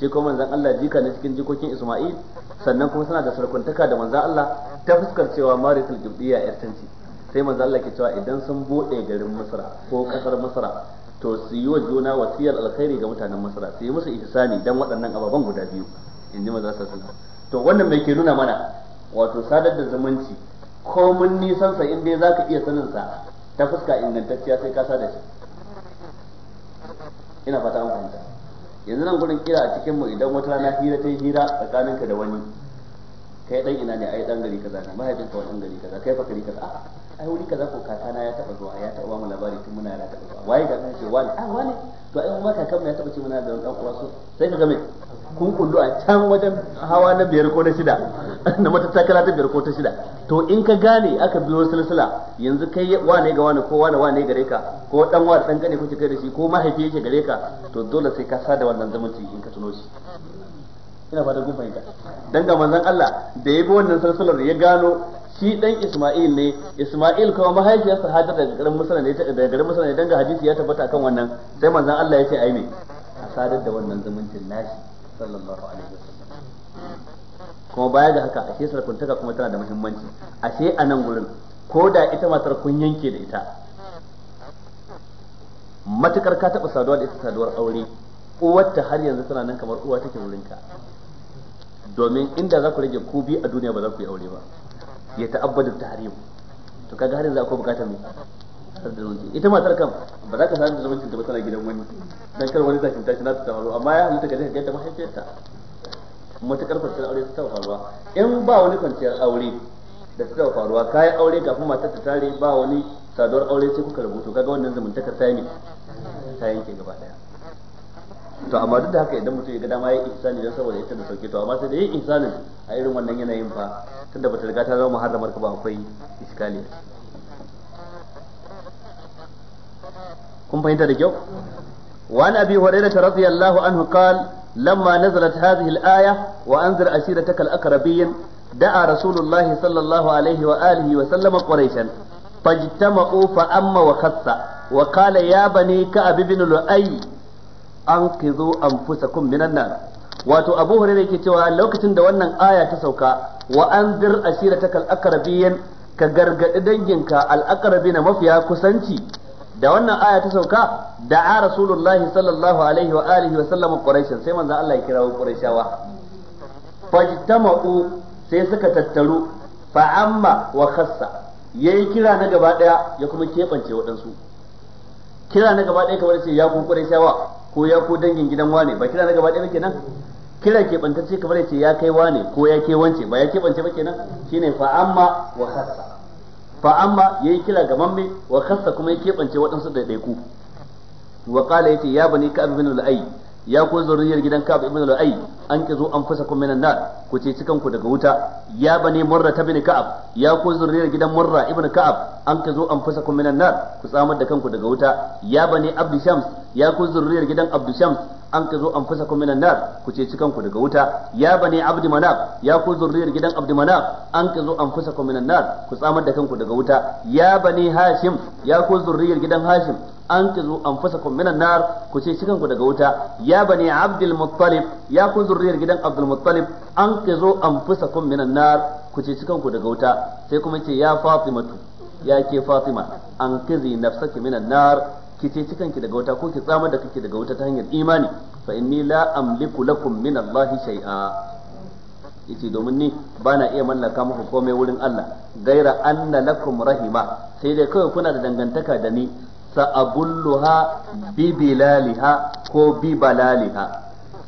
shi kuma manzon Allah jika ne cikin jikokin Isma'il sannan kuma suna da sarkuntaka da manzon Allah ta fuskar cewa maritul jubdiya yartanci sai manzon Allah ke cewa idan sun bude garin Misra ko kasar Misra to su yi wa juna wasiyar alkhairi ga mutanen Misra su yi musu ihsani dan waɗannan ababan guda biyu in ji manzon sallallahu to wannan mai ke nuna mana wato sadar da zumunci komin nisan sa in dai zaka iya sanin sa ta fuska ingantacciya sai ka sada shi ina fata an fahimta yanzu nan gudun kira a cikin mu idan wata rana hira ta hira tsakaninka da wani kai dan ina ne ai dan gari kaza na mahaifin ka wannan gari kaza kai fakari ka kaza a'a ai wuri kaza ko kakana ya taba zuwa ya taba mu labari tun muna yara taba zuwa waye ga kan ce wani a ah, wani to ai mu ma kakan ya taba ce muna da dan uwa so sai ka ga me kun kullu a can wajen hawa na biyar ko na shida na matattakala ta biyar ko ta shida to in ka gane aka biyo silsila yanzu kai wane ga wane ko wane wane gare ka ko dan wa dan gane kuke kai da shi ko mahaifi yake gare ka to dole sai ka sada wannan zamanci in ka tuno shi ina fata kun fahimta dan ga manzon Allah da ya bi wannan silsilar ya gano shi dan Isma'il ne Isma'il kuma mahaifiyarsa Hajar daga garin Misra ne daga garin Misra ne dan ga hadisi ya tabbata kan wannan sai manzon Allah ya ce ai me a sadar da wannan zamancin nashi sallallahu alaihi wasallam kuma baya da haka ashe sarkuntaka kuma tana da muhimmanci ashe a nan gurin ko da ita matar kun yanke da ita matukar ka taba saduwa da ita saduwar aure uwarta har yanzu tana nan kamar uwa take ka domin inda za ku rage ku bi a duniya ba za ku yi aure ba ya ta'abbadu tahrim to kaga har yanzu akwai bukatar mu har da zumunci ita matar kan ba za ka samu da zumuncin ta ba tana gidan wani dan kar wani zakin tashi na ta tawaro amma ya halitta ka je ka ga mahaifiyarta matakar kwanciyar aure ta taɓa faruwa in ba wani kwanciyar aure da ta taɓa faruwa kayan aure kafin matar ta tare ba wani saduwar aure sai kuka rubuto kaga wannan zumuntakar ta yi ta yanke gaba daya to amma duk da haka idan mutum ya ga dama ya ihsani don saboda ita da sauke to amma sai da yin ihsanin a irin wannan yanayin fa tunda bata riga ta zama muharramar ka ba akwai iskali kun fahimta da kyau wani abi hurairah radiyallahu anhu qal lamma nazalat hadhihi al-aya wa anzir ashiratakal aqrabiyyin da'a rasulullah sallallahu alayhi wa alihi wa sallama quraishan fajtama'u fa amma wa khassa wa qala ya bani ka'ab ibn lu'ay anqidhu anfusakum minan nar wato abu hurairah yake cewa lokacin da wannan aya ta sauka wa anzir ashiratakal aqrabiyyin ka gargadi danginka al-aqrabina mafiya kusanci da wannan aya ta sauka da a rasulullahi sallallahu alaihi wa alihi wa sallam quraish sai manzo Allah ya kirawo quraishawa fajtama'u sai suka tattaru fa amma wa khassa yayi kira na gaba daya ya kuma kebance waɗansu kira na gaba daya kamar ce ya ku quraishawa ko ya ku dangin gidan wane ba kira na gaba daya kenan kira kebantacce kamar ce ya kai wane ko ya ke wance ba ya kebance ba kenan shine fa amma wa khassa fa amma yayi kira ga mamme wa kasta kuma ya kebance waɗansu da ɗaiku wa qala yace ya bani ka'ab ibn al-ayy ya ku zuriyar gidan ka'ab ibn al an kizo an fasa kuma minan nar ku ce cikan ku daga wuta ya bani murra ta bin ka'ab ya ku zuriyar gidan murra ibn ka'ab an kizo an fasa kuma minan nar ku tsamar da kanku daga wuta ya bani abdi shams ya ku zurriyar gidan abdushams an ka zo an fasa ku minan nar ku ce cikan ku daga wuta ya bani abdi manaf ya ku zurriyar gidan abdi manaf an ka zo an fasa ku minan nar ku tsamar da kanku daga wuta ya bani hashim ya ku zurriyar gidan hashim an ka zo an fasa ku minan nar ku ce cikan ku daga wuta ya bani abdul muttalib ya ku zurriyar gidan abdul muttalib an ka zo an fasa ku minan nar ku ce cikan ku daga wuta sai kuma ce ya fatimatu ya ke fatima an kizi nafsaki minan nar ki ce kanki daga wata ko ki tsamar da kake daga wata ta hanyar imani fa inni la amliku lakum min allahi shay'a yace domin ni bana iya mallaka muku komai wurin Allah gaira anna lakum rahima sai dai kawai kuna da dangantaka da ni sa'abulluha bi bilaliha ko bi balaliha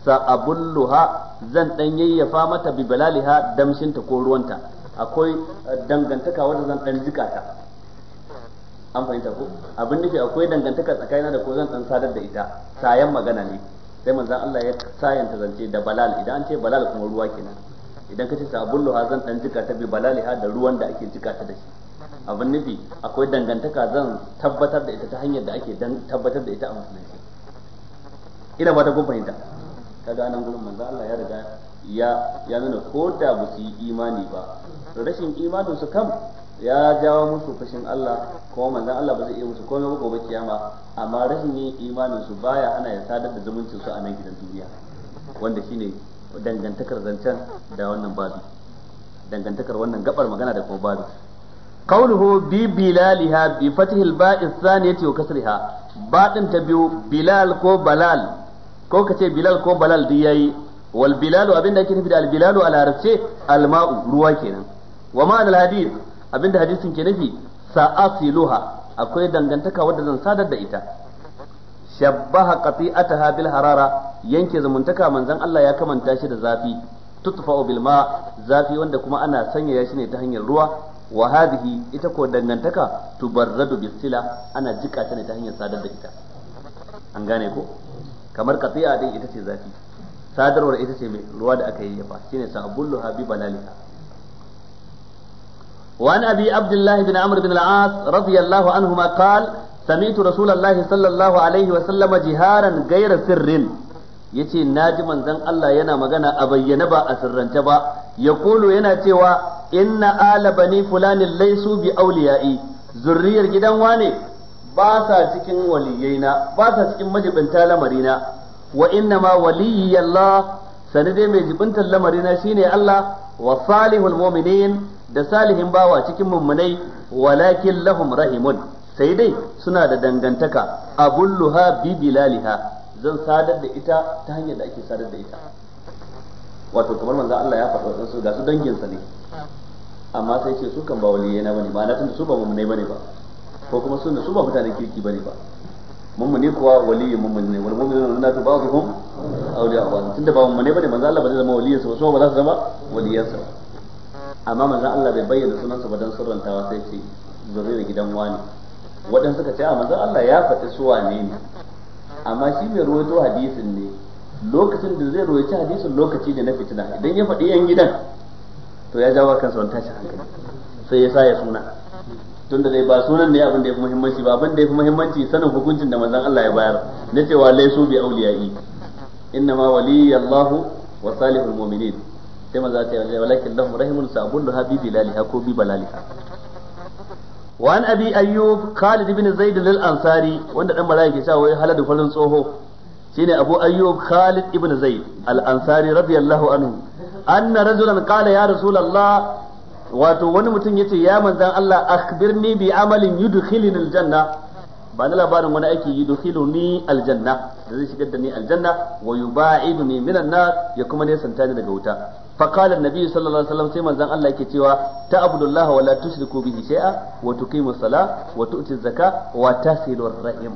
sa'abulluha zan dan yayyafa mata bi balaliha damshinta ko ruwanta akwai eh, dangantaka wanda zan dan ta. an fahimta ko abin nufi akwai dangantaka tsakanina da ko zan dan sadar da ita sayan magana ne sai manzon Allah ya ta zance da balal idan an ce balal kuma ruwa kenan idan ka ce sabullu ha zan dan jika ta bi ha da ruwan da ake jika ta da shi abin nufi akwai dangantaka zan tabbatar da ita ta hanyar da ake dan tabbatar da ita a musulunci ina ba ta kun fahimta kaga nan gurin manzo Allah ya riga ya ya nuna ko da ba su yi imani ba rashin imanin su kam ya jawo musu fashin Allah kuma manzon Allah ba zai iya musu komai ba gobe kiyama amma rashin yin imanin su baya ana ya sadar da zumuncin su a nan gidan duniya wanda shi ne dangantakar zancen da wannan babu dangantakar wannan gabar magana da kuma babu qauluhu bi bilaliha bi Fatihil fathil ba'i thaniyati wa kasriha badin ta biyu bilal ko balal ko kace bilal ko balal duk yayi wal bilalu abinda ake nufi da al bilalu al harfi al ma'u ruwa kenan wa ma'an al hadith abinda hadisin ke nufi sa'asiluha akwai dangantaka wadda zan sadar da ita shabbaha qati'ataha bil harara yanke zumuntaka manzon Allah ya kamanta shi da zafi tutfa'u bil ma zafi wanda kuma ana sanyaya shi ne ta hanyar ruwa wa hadhihi ita ko dangantaka tubarradu bis sila ana jika ta ne ta hanyar sadar da ita an gane ko kamar qati'a din ita ce zafi sadarwar ita ce mai ruwa da aka yi yafa shine sabullu habibalaliha Wani أبي عبد الله بن عمرو بن العاص رضي الله عنهما قال سمعت رسول الله صلى الله عليه وسلم جهارا غير yace na ji manzan Allah yana magana a bayyana ba a sirrance ba ya yana cewa inna alaba bani fulanin laisu bi auliyai zurriyar gidan wane ba sa cikin waliyaina ba sa cikin majibinta lamarina wa inna ma waliyyi Allah sanade mai jibintar na shine Allah wa salihul mu'minin da salihin bawa cikin mummunai walakin lahum rahimun sai dai suna da dangantaka abulluha bi bilaliha zan sadar da ita ta hanyar da ake sadar da ita wato kamar manzo Allah ya faɗa wadansu ga su dangin sa ne amma sai ce su kan ba waliye na bane na tun su ba mummunai bane ba ko kuma su su ba mutanen kirki bane ba mummuni kuwa waliyin mummuni ne wal mu'minuna la tubaghum awliya'u tunda ba mummune bane manzo Allah ba zai zama waliyin sa ba so ba za su zama waliyan sa ba amma manzon Allah bai bayyana sunansa ba dan sirrantawa sai ce da gidan wani waɗanda suka ce a manzon Allah ya faɗi su wane ne amma shi mai ruwaito hadisin ne lokacin da zai ruwaito hadisin lokaci ne na fitina idan ya faɗi yan gidan to ya jawo kansa wani tashi hankali sai ya sa ya suna tunda dai ba sunan ne abin da ya fi muhimmanci ba abin da ya fi muhimmanci sanin hukuncin da manzon Allah ya bayar na cewa laisu bi auliya'i inna ma waliyallahu wa salihul mu'minin sai maza ta yi walakin lahum rahimun sabun da habibi laliha ko bi balaliha wa an abi ayyub khalid ibn zaid lil ansari wanda dan malaka ke cewa wai haladu farin tsoho shine abu ayyub khalid ibn zaid al ansari radiyallahu anhu anna rajulan qala ya rasulullah wato wani mutum yace ya manzan Allah akhbirni bi amalin yudkhilini al janna ba na labarin wani aiki yudkhiluni al janna da zai shigar da ni al janna wa yuba'idni minan nar ya kuma ne santa ni daga wuta فقال النبي صلى الله عليه وسلم سيما زان الله كتوا تعبد الله ولا تشركوا به شيئا وتقيم الصلاة وتؤتي الزكاة وتصل الرحم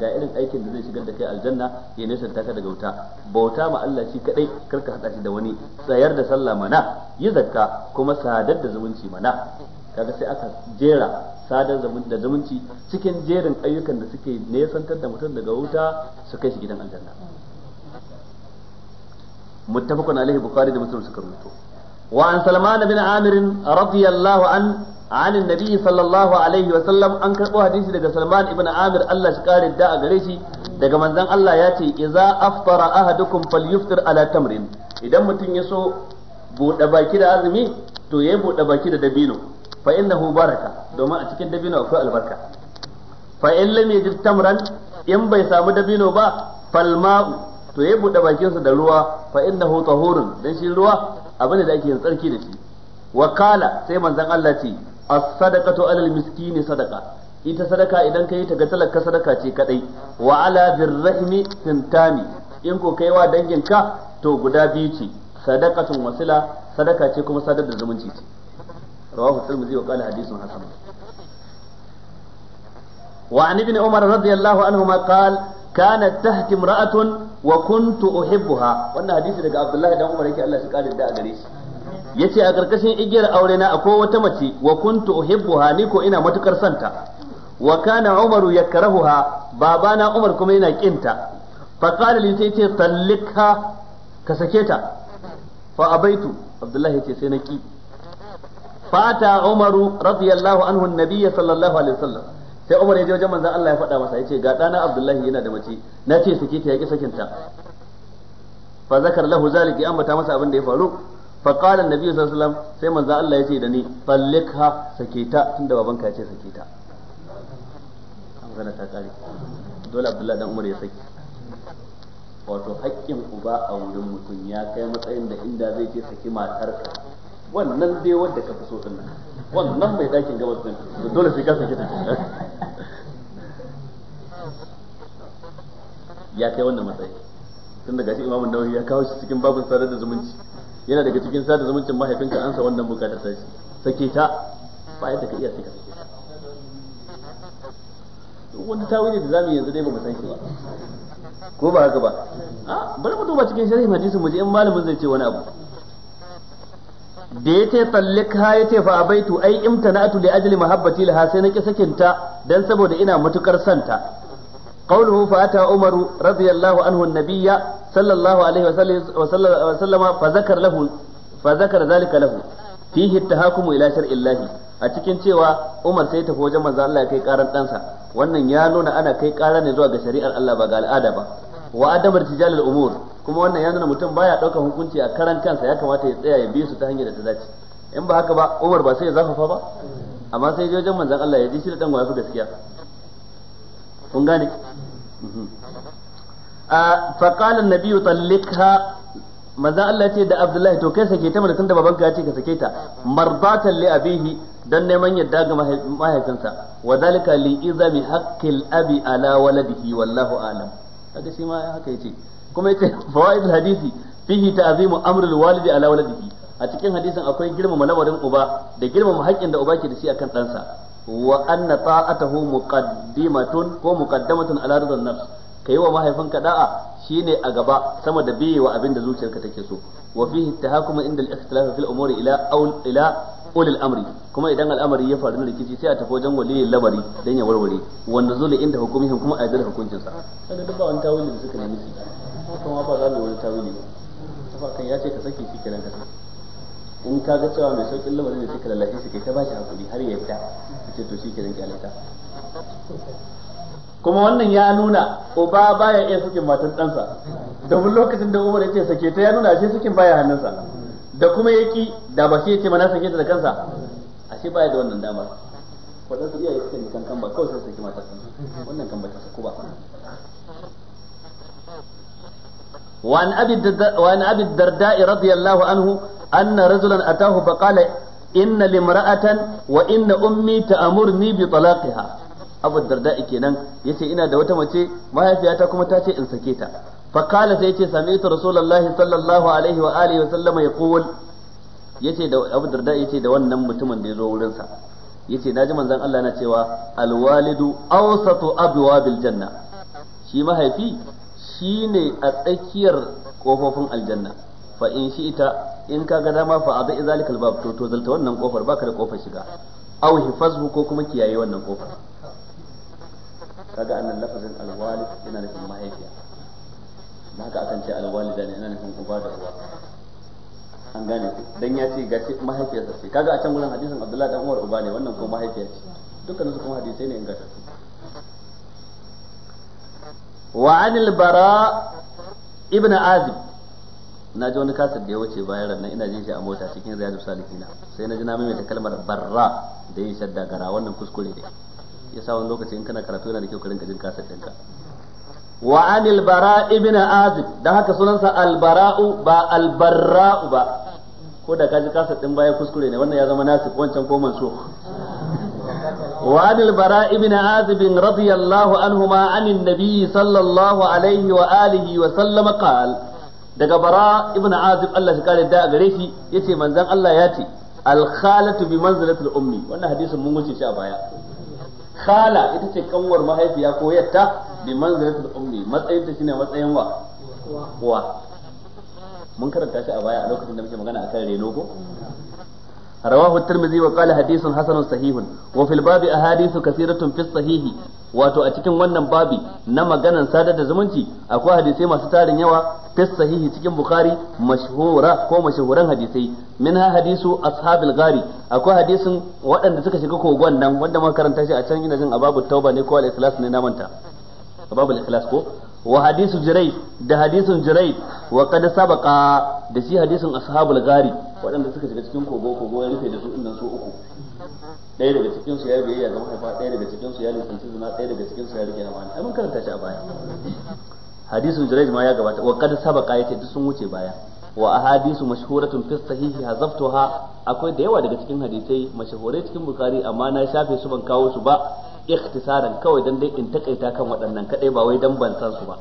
ga irin aikin da zai shigar da kai aljanna ya nesanta ka daga wuta bauta ma Allah shi kadai karka hada shi da wani tsayar da sallah mana yi zakka kuma sadar da zumunci mana kaga sai aka jera sadar da zumunci cikin jerin ayyukan da suke nesantar da mutum daga wuta su kai shi gidan aljanna muttafaqun alaihi bukhari da muslim suka rubuto wa an salman bin amir radiyallahu an عن النبي صلى الله عليه وسلم an karbo hadisi daga Salman ibn Amir Allah shi kare da a gare shi daga manzon Allah ya ce idza aftara ahadukum falyuftir ala tamrin idan mutum ya so bude baki da azumi to yayi bude baki da dabino fa innahu baraka domin a cikin dabino akwai albarka fa in in bai samu dabino ba falma'u to ya buɗe bakinsa da ruwa fa innahu tahurun dan shi ruwa abin da ake yin tsarki da shi wa kala sai manzon Allah ce as-sadaqatu alal miskini sadaqa ita sadaka idan kai ta ga talaka sadaka ce kadai wa ala birrahmi tintani in ko kai wa danginka to guda biyu ce sadaqatun wasila sadaka ce kuma sadar da zumunci ce rawahu tirmidhi wa qala hadithun hasan وعن ابن عمر رضي الله عنهما قال كانت تحت امرأة wa kuntu uhibbuha wannan hadisi daga Abdullahi dan Umar yake Allah shi kare da gare shi yace a karkashin igiyar aure na akwai wata mace wa kuntu uhibbuha ni ko ina matukar santa wa kana Umaru yakrahuha babana Umar kuma yana kinta fa qala li yace tallikha ka sake ta fa abaitu Abdullahi yace sai na ki fata Umaru radiyallahu anhu an sallallahu alaihi wasallam sai Umar ya je wajen manzon Allah ya faɗa masa yace ga ɗana Abdullahi yana da mace na ce saki ta yaki sakin ta fa zakar lahu zalik ya ambata masa abin da ya faru fa qala annabi sallallahu alaihi wasallam sai manzon Allah ya ce da ni fallikha sake ta tunda babanka ya ce sake ta magana ta kare dole Abdullahi dan Umar ya saki wato haƙƙin uba a wurin mutum ya kai matsayin da inda zai ce saki matarka wannan dai wanda ka fi so din wannan mai dakin gabas din dole sai ka sake ta ya kai wannan matsayi tun daga shi imamun nauyi ya kawo shi cikin babin sadar da zumunci yana daga cikin sadar zumuncin mahaifinka an sa wannan ta shi sake ta ba yadda ka iya sika ka sake ta wani tawili da zamu yanzu dai ba mu san shi ba ko ba haka ba a ah, bari mu duba cikin sharhin hadisin mu je in malamin zai ce wani abu da ya ce tallika ya ce fa abaitu ai imtana'atu li ajli mahabbati laha sai na ki sakinta dan saboda ina matukar santa fa فأتى عمر رضي الله عنه sallallahu alaihi wa sallama fa فذكر له فذكر ذلك له فيه التهاكم إلى شرع الله a cikin cewa Umar sai tafi wajen manzo Allah ya kai karan ɗansa wannan ya nuna ana kai ƙara ne zuwa ga shari'ar Allah ba ga al'ada ba wa adamar tijalil umur kuma wannan ya nuna mutum baya ɗaukar hukunci a karan kansa ya kamata ya tsaya ya bi su ta hanyar da ta dace in ba haka ba Umar ba sai ya zafafa ba amma sai jojin manzon Allah ya ji shi da dan wafi gaskiya kun gane mhm. a faqala an-nabiyyu tallikha manzon Allah ya ce da Abdullahi to kai sake ta mana tunda baban ya ce ka sake ta marbatan li abihi dan neman yadda ga mahaifinsa wa zalika li izami haqqil abi ala waladihi wallahu a'lam kaga shi ma haka yace kuma yace fawaidul hadisi fihi ta'zimu amrul walidi ala waladihi a cikin hadisin akwai girmama lamarin uba da girmama haƙƙin da uba ke da shi akan ɗansa wa anna ta'atahu muqaddimatun ko muqaddamatun ala ridan nafs kai wa mahaifinka da'a shine a gaba sama da biye wa abin da zuciyarka take so wa fihi tahakumu inda al-ikhtilaf fil umuri ila aw ila ulil amri kuma idan al'amari ya faru na rikici sai a tafi wajen waliyin lamari dan ya warware wanda zule inda hukumihin kuma a yadda hukuncin sa kada duk ba wani tawilin da suka nemi haka ma ba za mu wani tawili ba tafa kan ya ce ka saki shi kenan ka in ka ga cewa mai saukin lamarin da suka lalace su kai ta ba shi hakuri har ya fita ka ce to shi kenan kyalata kuma wannan ya nuna uba baya iya sakin matan ɗansa domin lokacin da umar ya ce sake ta ya nuna ashe sakin baya hannunsa da kuma ya ki da ba shi ya ce mana sake ta da kansa ashe baya da wannan damar waɗansu iyaye suka nikan kan ba kawai sai sake matan wannan kan ba ta saku ba وعن أبي وعن أبي الدرداء رضي الله عنه أن رجلا أتاه فقال إن لامرأة وإن أمي تأمرني بطلاقها أبو الدرداء كينان يتي إنا دوتا مچي ما هي فياتا كما تاتي إن سكيتا فقال سيتي سمعت رسول الله صلى الله عليه وآله وسلم يقول yace da Abu Darda yace da wannan mutumin da ya zo wurin sa yace naji manzon Allah na cewa alwalidu awsatu abwabil janna shi mahaifi shine a tsakiyar kofofin aljanna fa in shi ita in ka ga dama fa adai zalikal bab to to zalta wannan kofar baka da kofar shiga aw hifazhu ko kuma kiyaye wannan kofar kaga annal lafazin alwalid yana nufin mahaifiya dan haka akan ce alwalida ne yana nufin uba da uwa an gane dan ya ce gashi mahaifiyarsa ce kaga a can gurin hadisin Abdullahi dan Umar uba ne wannan kuma mahaifiya ce dukkan su kuma hadisi ne in ta. وعن البراء bara ibn na ji wani kasar da ya wuce bayan rannan ina jin shi a mota cikin riyadu salihina sai na ji na mai kalmar barra da yin shadda gara wannan kuskure ne ya sa wani lokaci in kana karatu yana da kyau ka rinka jin kasar dinka wa anil bara ibn azib dan haka sunansa albara'u ba Al-barra'u ba ko da ka ji kasar din baya kuskure ne wannan ya zama nasib wancan ko mansukh وعن البراء بن عازب رضي الله عنهما عن النبي صلى الله عليه وآله وسلم قال daga bara ibn azib Allah shi kare da gare shi yace manzon Allah ya ce al khalatu bi manzilatil ummi wannan hadisin mun wuce shi a baya khala ita ce kanwar mahaifiya koyata yatta bi manzilatil ummi matsayin ta shine matsayin wa mun karanta shi a baya a lokacin da muke magana akan reno ko رواه الترمذي وقال حديث حسن صحيح وفي الباب احاديث كثيره في الصحيح wato a cikin wannan babi na maganan sadar da zumunci akwai hadisai masu tarin yawa fi sahihi cikin bukhari mashhura ko mashhuran hadisai minha hadisu ashabil gari akwai hadisin waɗanda suka shiga kogon nan wanda muka karanta shi a can ina jin ababul tauba ne ko al-ikhlas ne na manta ababul ikhlas ko wa hadisu jirai da hadisin jirai wa qad sabaqa da shi hadisin ashabul gari waɗanda suka shiga cikin kogo kogo ya rufe da su inda su uku ɗaya daga cikin su ya ya zama haifa ɗaya daga cikin su ya su zina ɗaya daga cikin su ya rike hawa ai mun karanta shi a baya hadisin jirai ma ya gabata wa qad sabaqa ce duk sun wuce baya wa ahadisu mashhuratun fi sahihi hazaftuha akwai da yawa daga cikin hadisai mashhurai cikin bukari amma na shafe su ban kawo su ba ikhtisaran kawai dan dai in takaita kan waɗannan kadai ba wai dan ban san su ba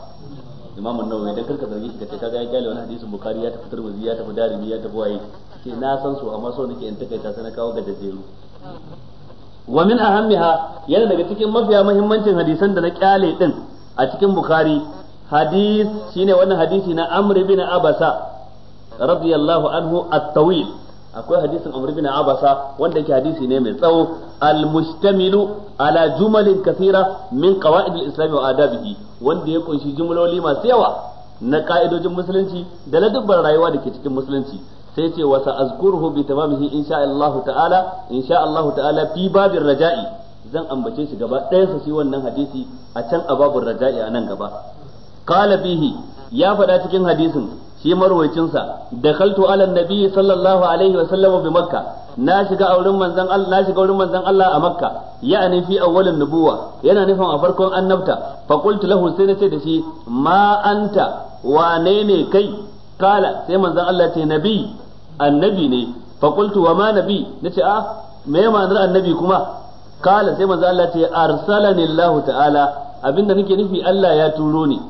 imamu an-nawawi dan karka zargi ka kace kaga ya kyale wannan hadisin bukhari ya tafi tirmidhi ya tafi darimi ya tafi waye ce na san su amma so nake in takaita sai na kawo ga dajeru wa min ahammiha yana daga cikin mafiya muhimmancin hadisan da na kyale din a cikin bukhari hadis shine wannan hadisi na amr bin abasa radiyallahu anhu at-tawil akwai hadisin Amr bin Abasa wanda yake hadisi ne mai tsawo al-mustamilu ala jumalin kathira min qawaid al-islam wa adabihi wanda ya kunshi jumloli masu yawa na ka'idojin musulunci da ladabbar rayuwa da ke cikin musulunci sai ce wa sa'azkuruhu bi tamamihi insha Allah ta'ala insha Allah ta'ala fi babir raja'i zan ambace shi gaba ɗaya sa shi wannan hadisi a can a ababur raja'i a nan gaba qala bihi ya faɗa cikin hadisin shi marwayacin sa dakhaltu ala nabi sallallahu alaihi wa sallam bi makka na shiga auren manzon Allah na shiga auren manzon Allah a makka ya'ani fi awwalin nubuwa yana nufin a farkon annabta fa qultu lahu sai na ce da shi ma anta wane ne kai kala sai manzon Allah ce nabi annabi ne fa qultu wa ma nabi nace a ah, me ma'anar annabi kuma kala sai manzon Allah ce arsalani Allah ta'ala abinda nake nufi Allah ya turo ni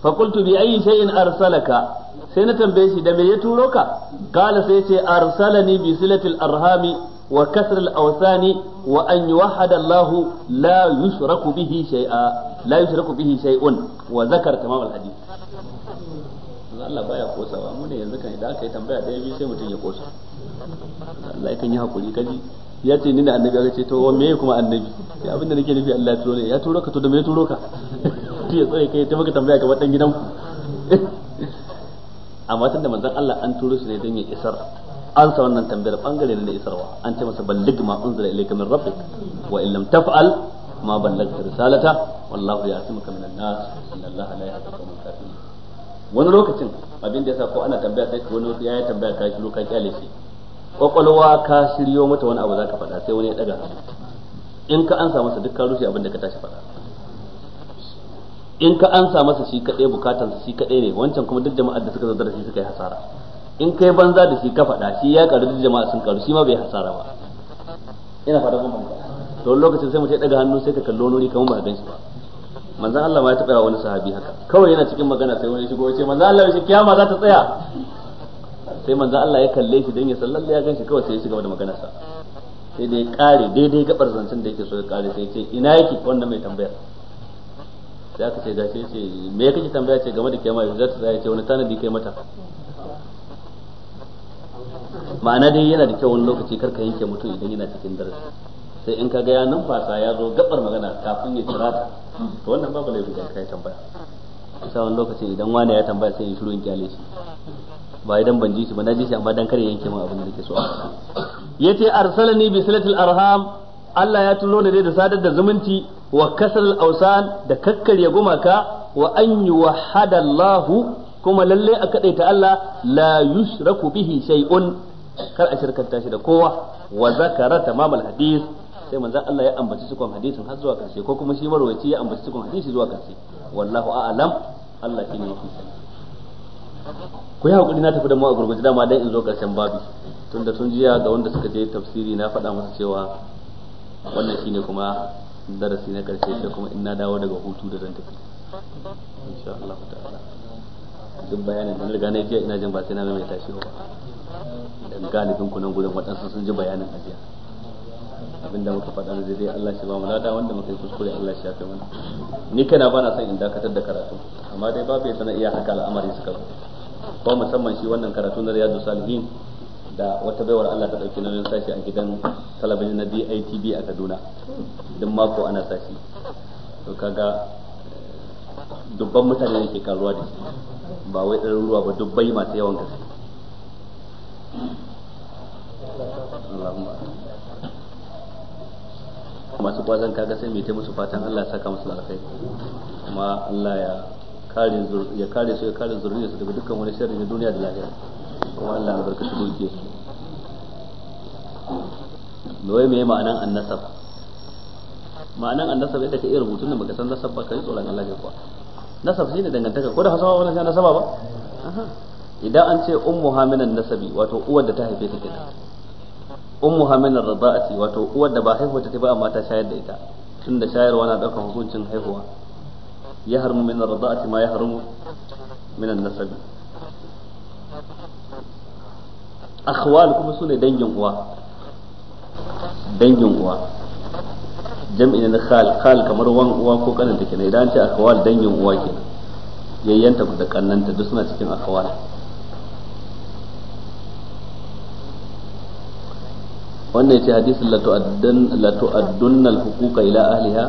fa qultu bi ayyi shay'in arsalaka sai na tambaye shi da me ya turo ka kala sai ce arsalani bi silatil arhami wa kasr al awsani wa an yuwahhada Allah la yushraku bihi shay'a la yushraku bihi shay'un wa zakar tamam al hadith Allah baya kosawa mu ne yanzu kan idan aka yi tambaya da yabi sai mutum ya kosa Allah yakan yi hakuri kaji ya ce ni ne annabi aka ce to wa meye kuma annabi Ya abinda nake nufi Allah ya turo ne ya turo ka to da me ya turo ka ya tsare kai ta maka tambaya ka gaban gidan ku. amma tunda manzon Allah an turo shi ne don ya isar an sa wannan tambayar bangare ne na isarwa an ce masa ballig ma unzila ilayka min rabbik wa illam taf'al ma ballagta risalata wallahu min an nas inna Allah la yahdi al wani lokacin abin da yasa ko ana tambaya sai wani ya yi tambaya ka kilo ka kyale shi kwakwalwa ka shiryo mata wani abu zaka faɗa sai wani ya daga in ka an masa sa duk ka rushe abin da ka tashi faɗa in ka ansa masa shi kadai bukatansa shi kadai ne wancan kuma duk jama'ar da suka zo shi suka yi hasara in kai banza da shi ka faɗa shi ya karu duk jama'a sun karu shi ma bai hasara ba ina fara kuma fahimta to lokacin sai mu ya daga hannu sai ka kallo nuri kamar ba ka ganshi ba manzon Allah ma ya taɓa wani sahabi haka kawai yana cikin magana sai wani shigo ya ce manzon Allah shi kiyama za ta tsaya sai manzon Allah ya kalle shi dan ya sallalle ya ganshi kawai sai ya shiga da magana sa sai dai kare daidai gabar zancen da yake so ya kare sai ya ce ina yake wannan mai tambayar sai aka ce gashi ce me ya kake tambaya ce game da kiyama yanzu zata ta tsaya ce wani tanadi kai mata ma'ana dai yana da kyau wani lokaci karka yanke mutum idan yana cikin darasi sai in ka ga ya numfasa ya zo gabar magana kafin ya kira ta to wannan babu laifin da kai tambaya sai wani lokaci idan wani ya tambaya sai in shiru in kyale shi ba idan ban ji shi ba na ji shi amma dan kare yanke min abin da nake so yace arsalani bi silatil arham Allah ya tuno ne dai da sadar da zumunci wa kasal awsan da kakkarya gumaka wa an yuwahhada kuma lalle a kadaita Allah la yushraku bihi shay'un kar a shirkanta shi da kowa wa zakara tamamal hadith sai manzon Allah ya ambaci cikon hadisin har zuwa karshe ko kuma shi marwaci ya ambaci cikon hadisi zuwa karshe wallahu a'lam Allah ne mafi ku yi hakuri na tafi da mu a gurguje dama dan in zo karshen babu tunda sun jiya ga wanda suka je tafsiri na faɗa masa cewa wannan shine kuma darasi na karshe shi kuma in na dawo daga hutu da zan tafi insha Allah ta'ala duk bayanin da riga na jiya ina jin ba sai na mai tashi ba dan galibin ku nan gurin waɗansu sun ji bayanin a jiya abinda muka faɗa na dai Allah shi ba mu lada wanda muka yi kuskure Allah shi ya kai mana ni kana ba na son in dakatar da karatu amma dai babu ya na iya haka al'amari suka ko musamman shi wannan karatu na riyadu salihin da wata baiwar Allah ta dauki nauyin sashi a gidan talabijin na DITB a Kaduna duk mako ana sashi to kaga dubban mutane ne ke karuwa da shi ba wai ruwa ba dubbai masu yawan gaske masu kwazon kaga sai mai musu fatan Allah ya saka musu alkhairi kuma Allah ya kare ya kare su ya kare zuriyarsu daga dukkan wani shirin na duniya da lahira kuma Allah ya doke su noye me ma'anan annasab ma'anan annasab ita ka iya rubutun da baka san nasab ba kai tsoron Allah ne kuwa nasab shine dangantaka ko da hasawa wannan sai nasaba ba idan an ce ummu haminan nasabi wato uwar da ta haife ta kenan ummu haminan rada'ati wato uwar da ba haihuwa ta ba amma ta shayar da ita tun da shayarwa na daukan hukuncin haihuwa ya harmu min rida'ati ma ya harmu min nasabi akhwal kuma sune dangin uwa dangin uwa jam'i na khal khal kamar wan uwa ko kananta ne idan ce akhwal dangin uwa ke yayyanta da kannanta duk suna cikin akhwal wannan ce hadisi la tu'addan la tu'addunna al-huquqa ila ahliha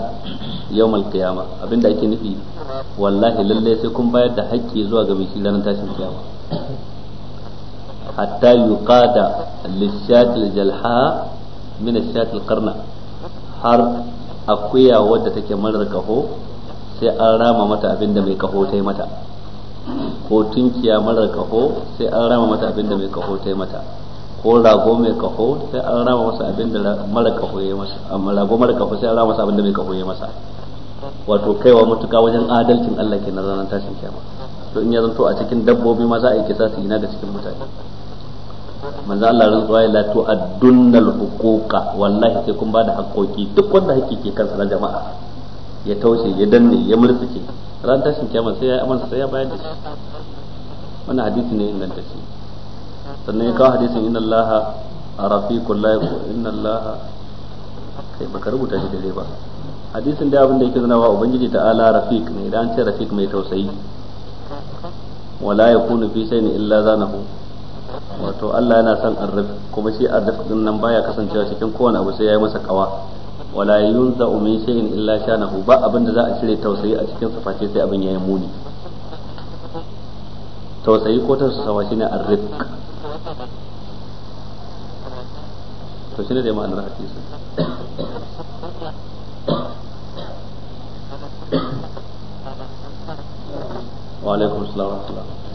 yawm al-qiyama abinda ake nufi wallahi lalle sai kun bayar da haƙƙi zuwa ga mai shi ranar tashin kiyama hatta يقاد lishatil jalha من shatil qarna har akuya wadda take ركهو سي sai an rama mata abinda mai kaho ko tunkiya mara kaho sai an rama mata abinda mai kaho ta yi mata ko rago mai kaho sai an rama masa abinda mara kaho ya masa amma rago mara kaho sai an rama masa abinda mai kaho ya masa wato kaiwa mutuka wajen adalcin Allah ke na ranar tashin kiyama to in ya zanto a cikin dabbobi ma za a yi kisa su ina ga cikin mutane manzo Allah rantsuwa zuwa la to addunnal huquqa wallahi sai kun bada haƙoƙi duk wanda haƙƙi ke kansa na jama'a ya taushe ya danne ya murtsike ran tashin kiyama sai ya amansa sai ya bayar da shi wannan hadisi ne inganta shi sannan ya kawo hadisin inna Allah rafiqul la inna Allah kai baka rubuta shi da ba hadisin da abin da yake zanawa ubangiji ta'ala rafiq ne idan an ce rafiq mai tausayi wala yakunu fi sayni illa zanahu wato Allah yana son arrif kuma shi arrif din nan baya kasancewa cikin kowane abu sai yayi masa kawa wala yunza min shay'in illa shanahu ba abin da za a cire tausayi a cikin sa face sai abin yayi muni tausayi ko tausasawa shine arrif to shine da ma'anar hadisi وعليكم السلام ورحمة الله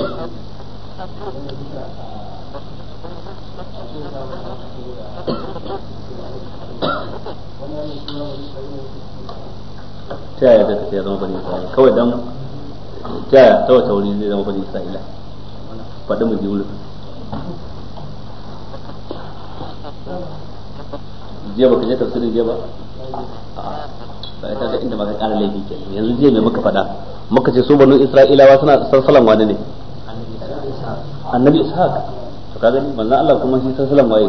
ta yaya zai kace ya zama bani isra'ila kawai dan ta yaya ta wata wuri zai zama bani isra'ila faɗi mu ji wuri jiya baka je tafsirin jiya ba ba ya kaga inda ma ka ƙara laifi kenan yanzu jiya me muka faɗa muka ce su banu isra'ilawa suna sassalan wani ne annabi ishaq to ka gani manzon Allah kuma shi sallallahu alaihi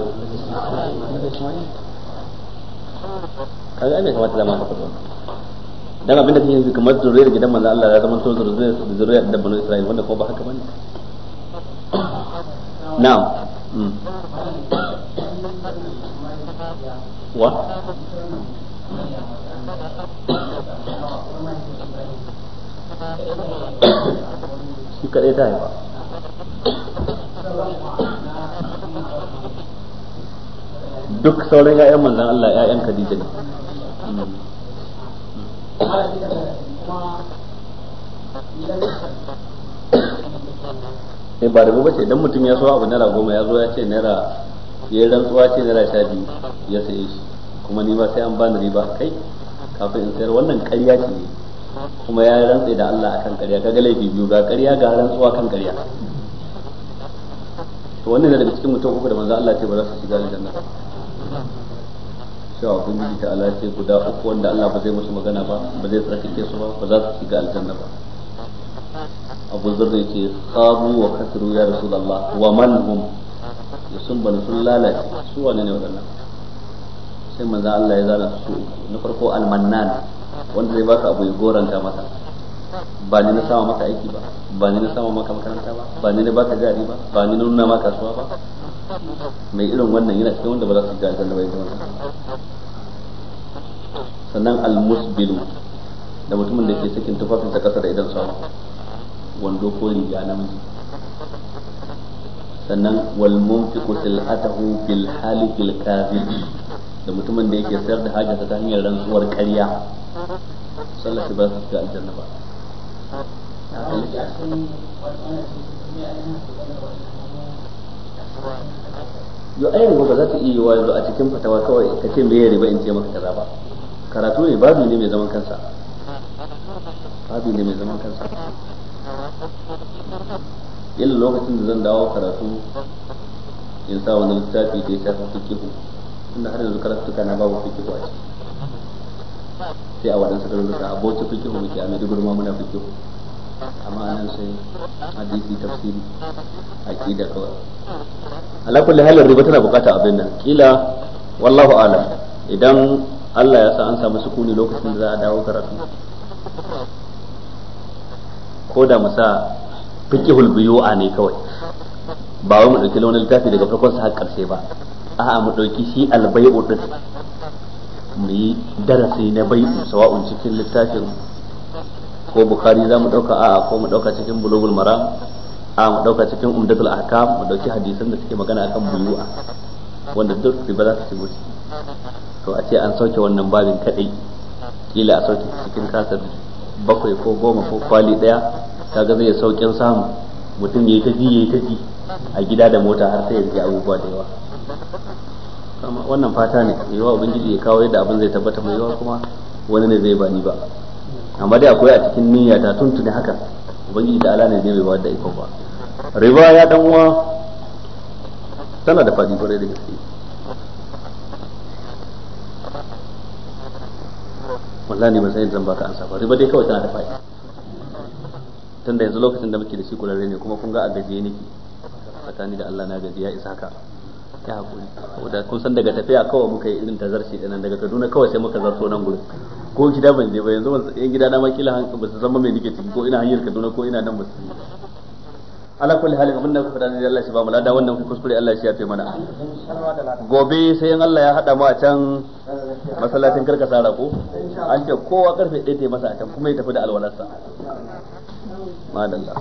wasallam kaga ai bai kamata zama haka ba dan abinda kake yanzu kamar zuriyar gidan manzon Allah ya zama to zuriyar zuriyar da banu Isra'il wanda ko ba haka bane na'am hmm. wa shi kadai ta haifa duk sauran ya'yan manzan Allah ya'yan Khadija ne sai eh, ba da gobe ce idan mutum ya so abu naira goma ya zo ya ce naira ya rantsuwa ce naira sha biyu ya saye shi kuma ni ba sai an bani riba kai kafin in sayar wannan ƙarya ce kuma ya rantse da Allah akan ƙarya ga laifi biyu ga karya ga rantsuwa kan karya. to wannan daga cikin mutum uku da manzo Allah ce ba za su shiga aljanna abun da ta Allah ce guda uku wanda Allah ba zai musu magana ba ba zai tsarkake su ba ba za su shiga aljanna ba Abu Zurri yake sabu wa kasru ya Rasulullah wa man hum sun ban sun lalace su wane ne waɗannan sai manzo Allah ya zana su na farko al-mannan wanda zai baka abu ya goranta masa ba ni na sama maka aiki ba ba ni na sama maka makaranta ba ba ni na baka jari ba ba ni na nuna maka kasuwa ba mai irin wannan yana cikin wanda ba za su ji da ba zama sannan almusbilu da mutumin da ke cikin tufafinsa kasa da idan sawa wando ko riga namiji sannan wal munfiqu sil'atahu bil halikil kadhib da mutumin da yake sayar da hajjata ta hanyar rantsuwar ƙarya sallah ba za su ga aljanna ba yo yanzu ba za ta iya yiwa yanzu a cikin fatawa kawai ka ce me ba in ce maka kaza ba karatu ne babu ne mai zaman kansa babu ne mai zaman kansa lokacin da zan dawo karatu in sa wani littafi da ya shafi fikihu tunda har yanzu karatu kana babu fikihu a ciki sai a waɗansu da rubuta a bauchi fikihu muke a maiduguri ma muna fikihu amma nan sai hadisi tafsiri a da kawai ala da halin riba tana bukata abin nan kila wallahu alam idan Allah ya sa an samu sukuni lokacin da za a dawo karatu ko da musa fiqhul a ne kawai ba wai mu dauki wani littafi daga farkon sa har karshe ba a'a mu dauki shi albay'u din mu yi darasi na bai sawa'un cikin littafin ko bukari za mu ɗauka a ko mu ɗauka cikin bulugul mara a mu ɗauka cikin umdatul ahkam mu ɗauki hadisan da suke magana akan buyu'a wanda duk riba za su shigo to a ce an sauke wannan babin kadai kila a sauke cikin kasar bakwai ko goma ko kwali daya kaga zai saukin samu mutum yayi ta ji yayi ta ji a gida da mota har sai ya ji abubuwa da yawa wannan fata ne yawa ubangiji ya kawo yadda abin zai tabbata mai yawa kuma wani ne zai bani ba amma dai akwai a cikin niyya ta tuntuni haka ubangiji da ala ne zai bai wadda ikon ba riba ya dan uwa tana da fadi kwarai da gaske wallahi ba san yadda zan baka ansa ba riba dai kawai tana da fadi. tunda yanzu lokacin da muke da shi kurare ne kuma kun ga a gajiye nake tsakani da Allah na ya isa haka ta hakuri saboda kun san daga tafiya kawai muka yi irin tazarci dinan daga Kaduna kawai sai muka zarto nan gurin ko gida ban je ba yanzu ban yan gida na ma kila ba su san me nake ciki ko ina hanyar Kaduna ko ina nan ba su ala kulli halin abin da kuka faɗa ne Allah shi ba mu lada wannan ku kuskure Allah shi ya fi mana gobe sai in Allah ya hada mu a can masallacin karkasa ko an ce kowa karfe 1 ta masa a can kuma ya tafi da alwalarsa madalla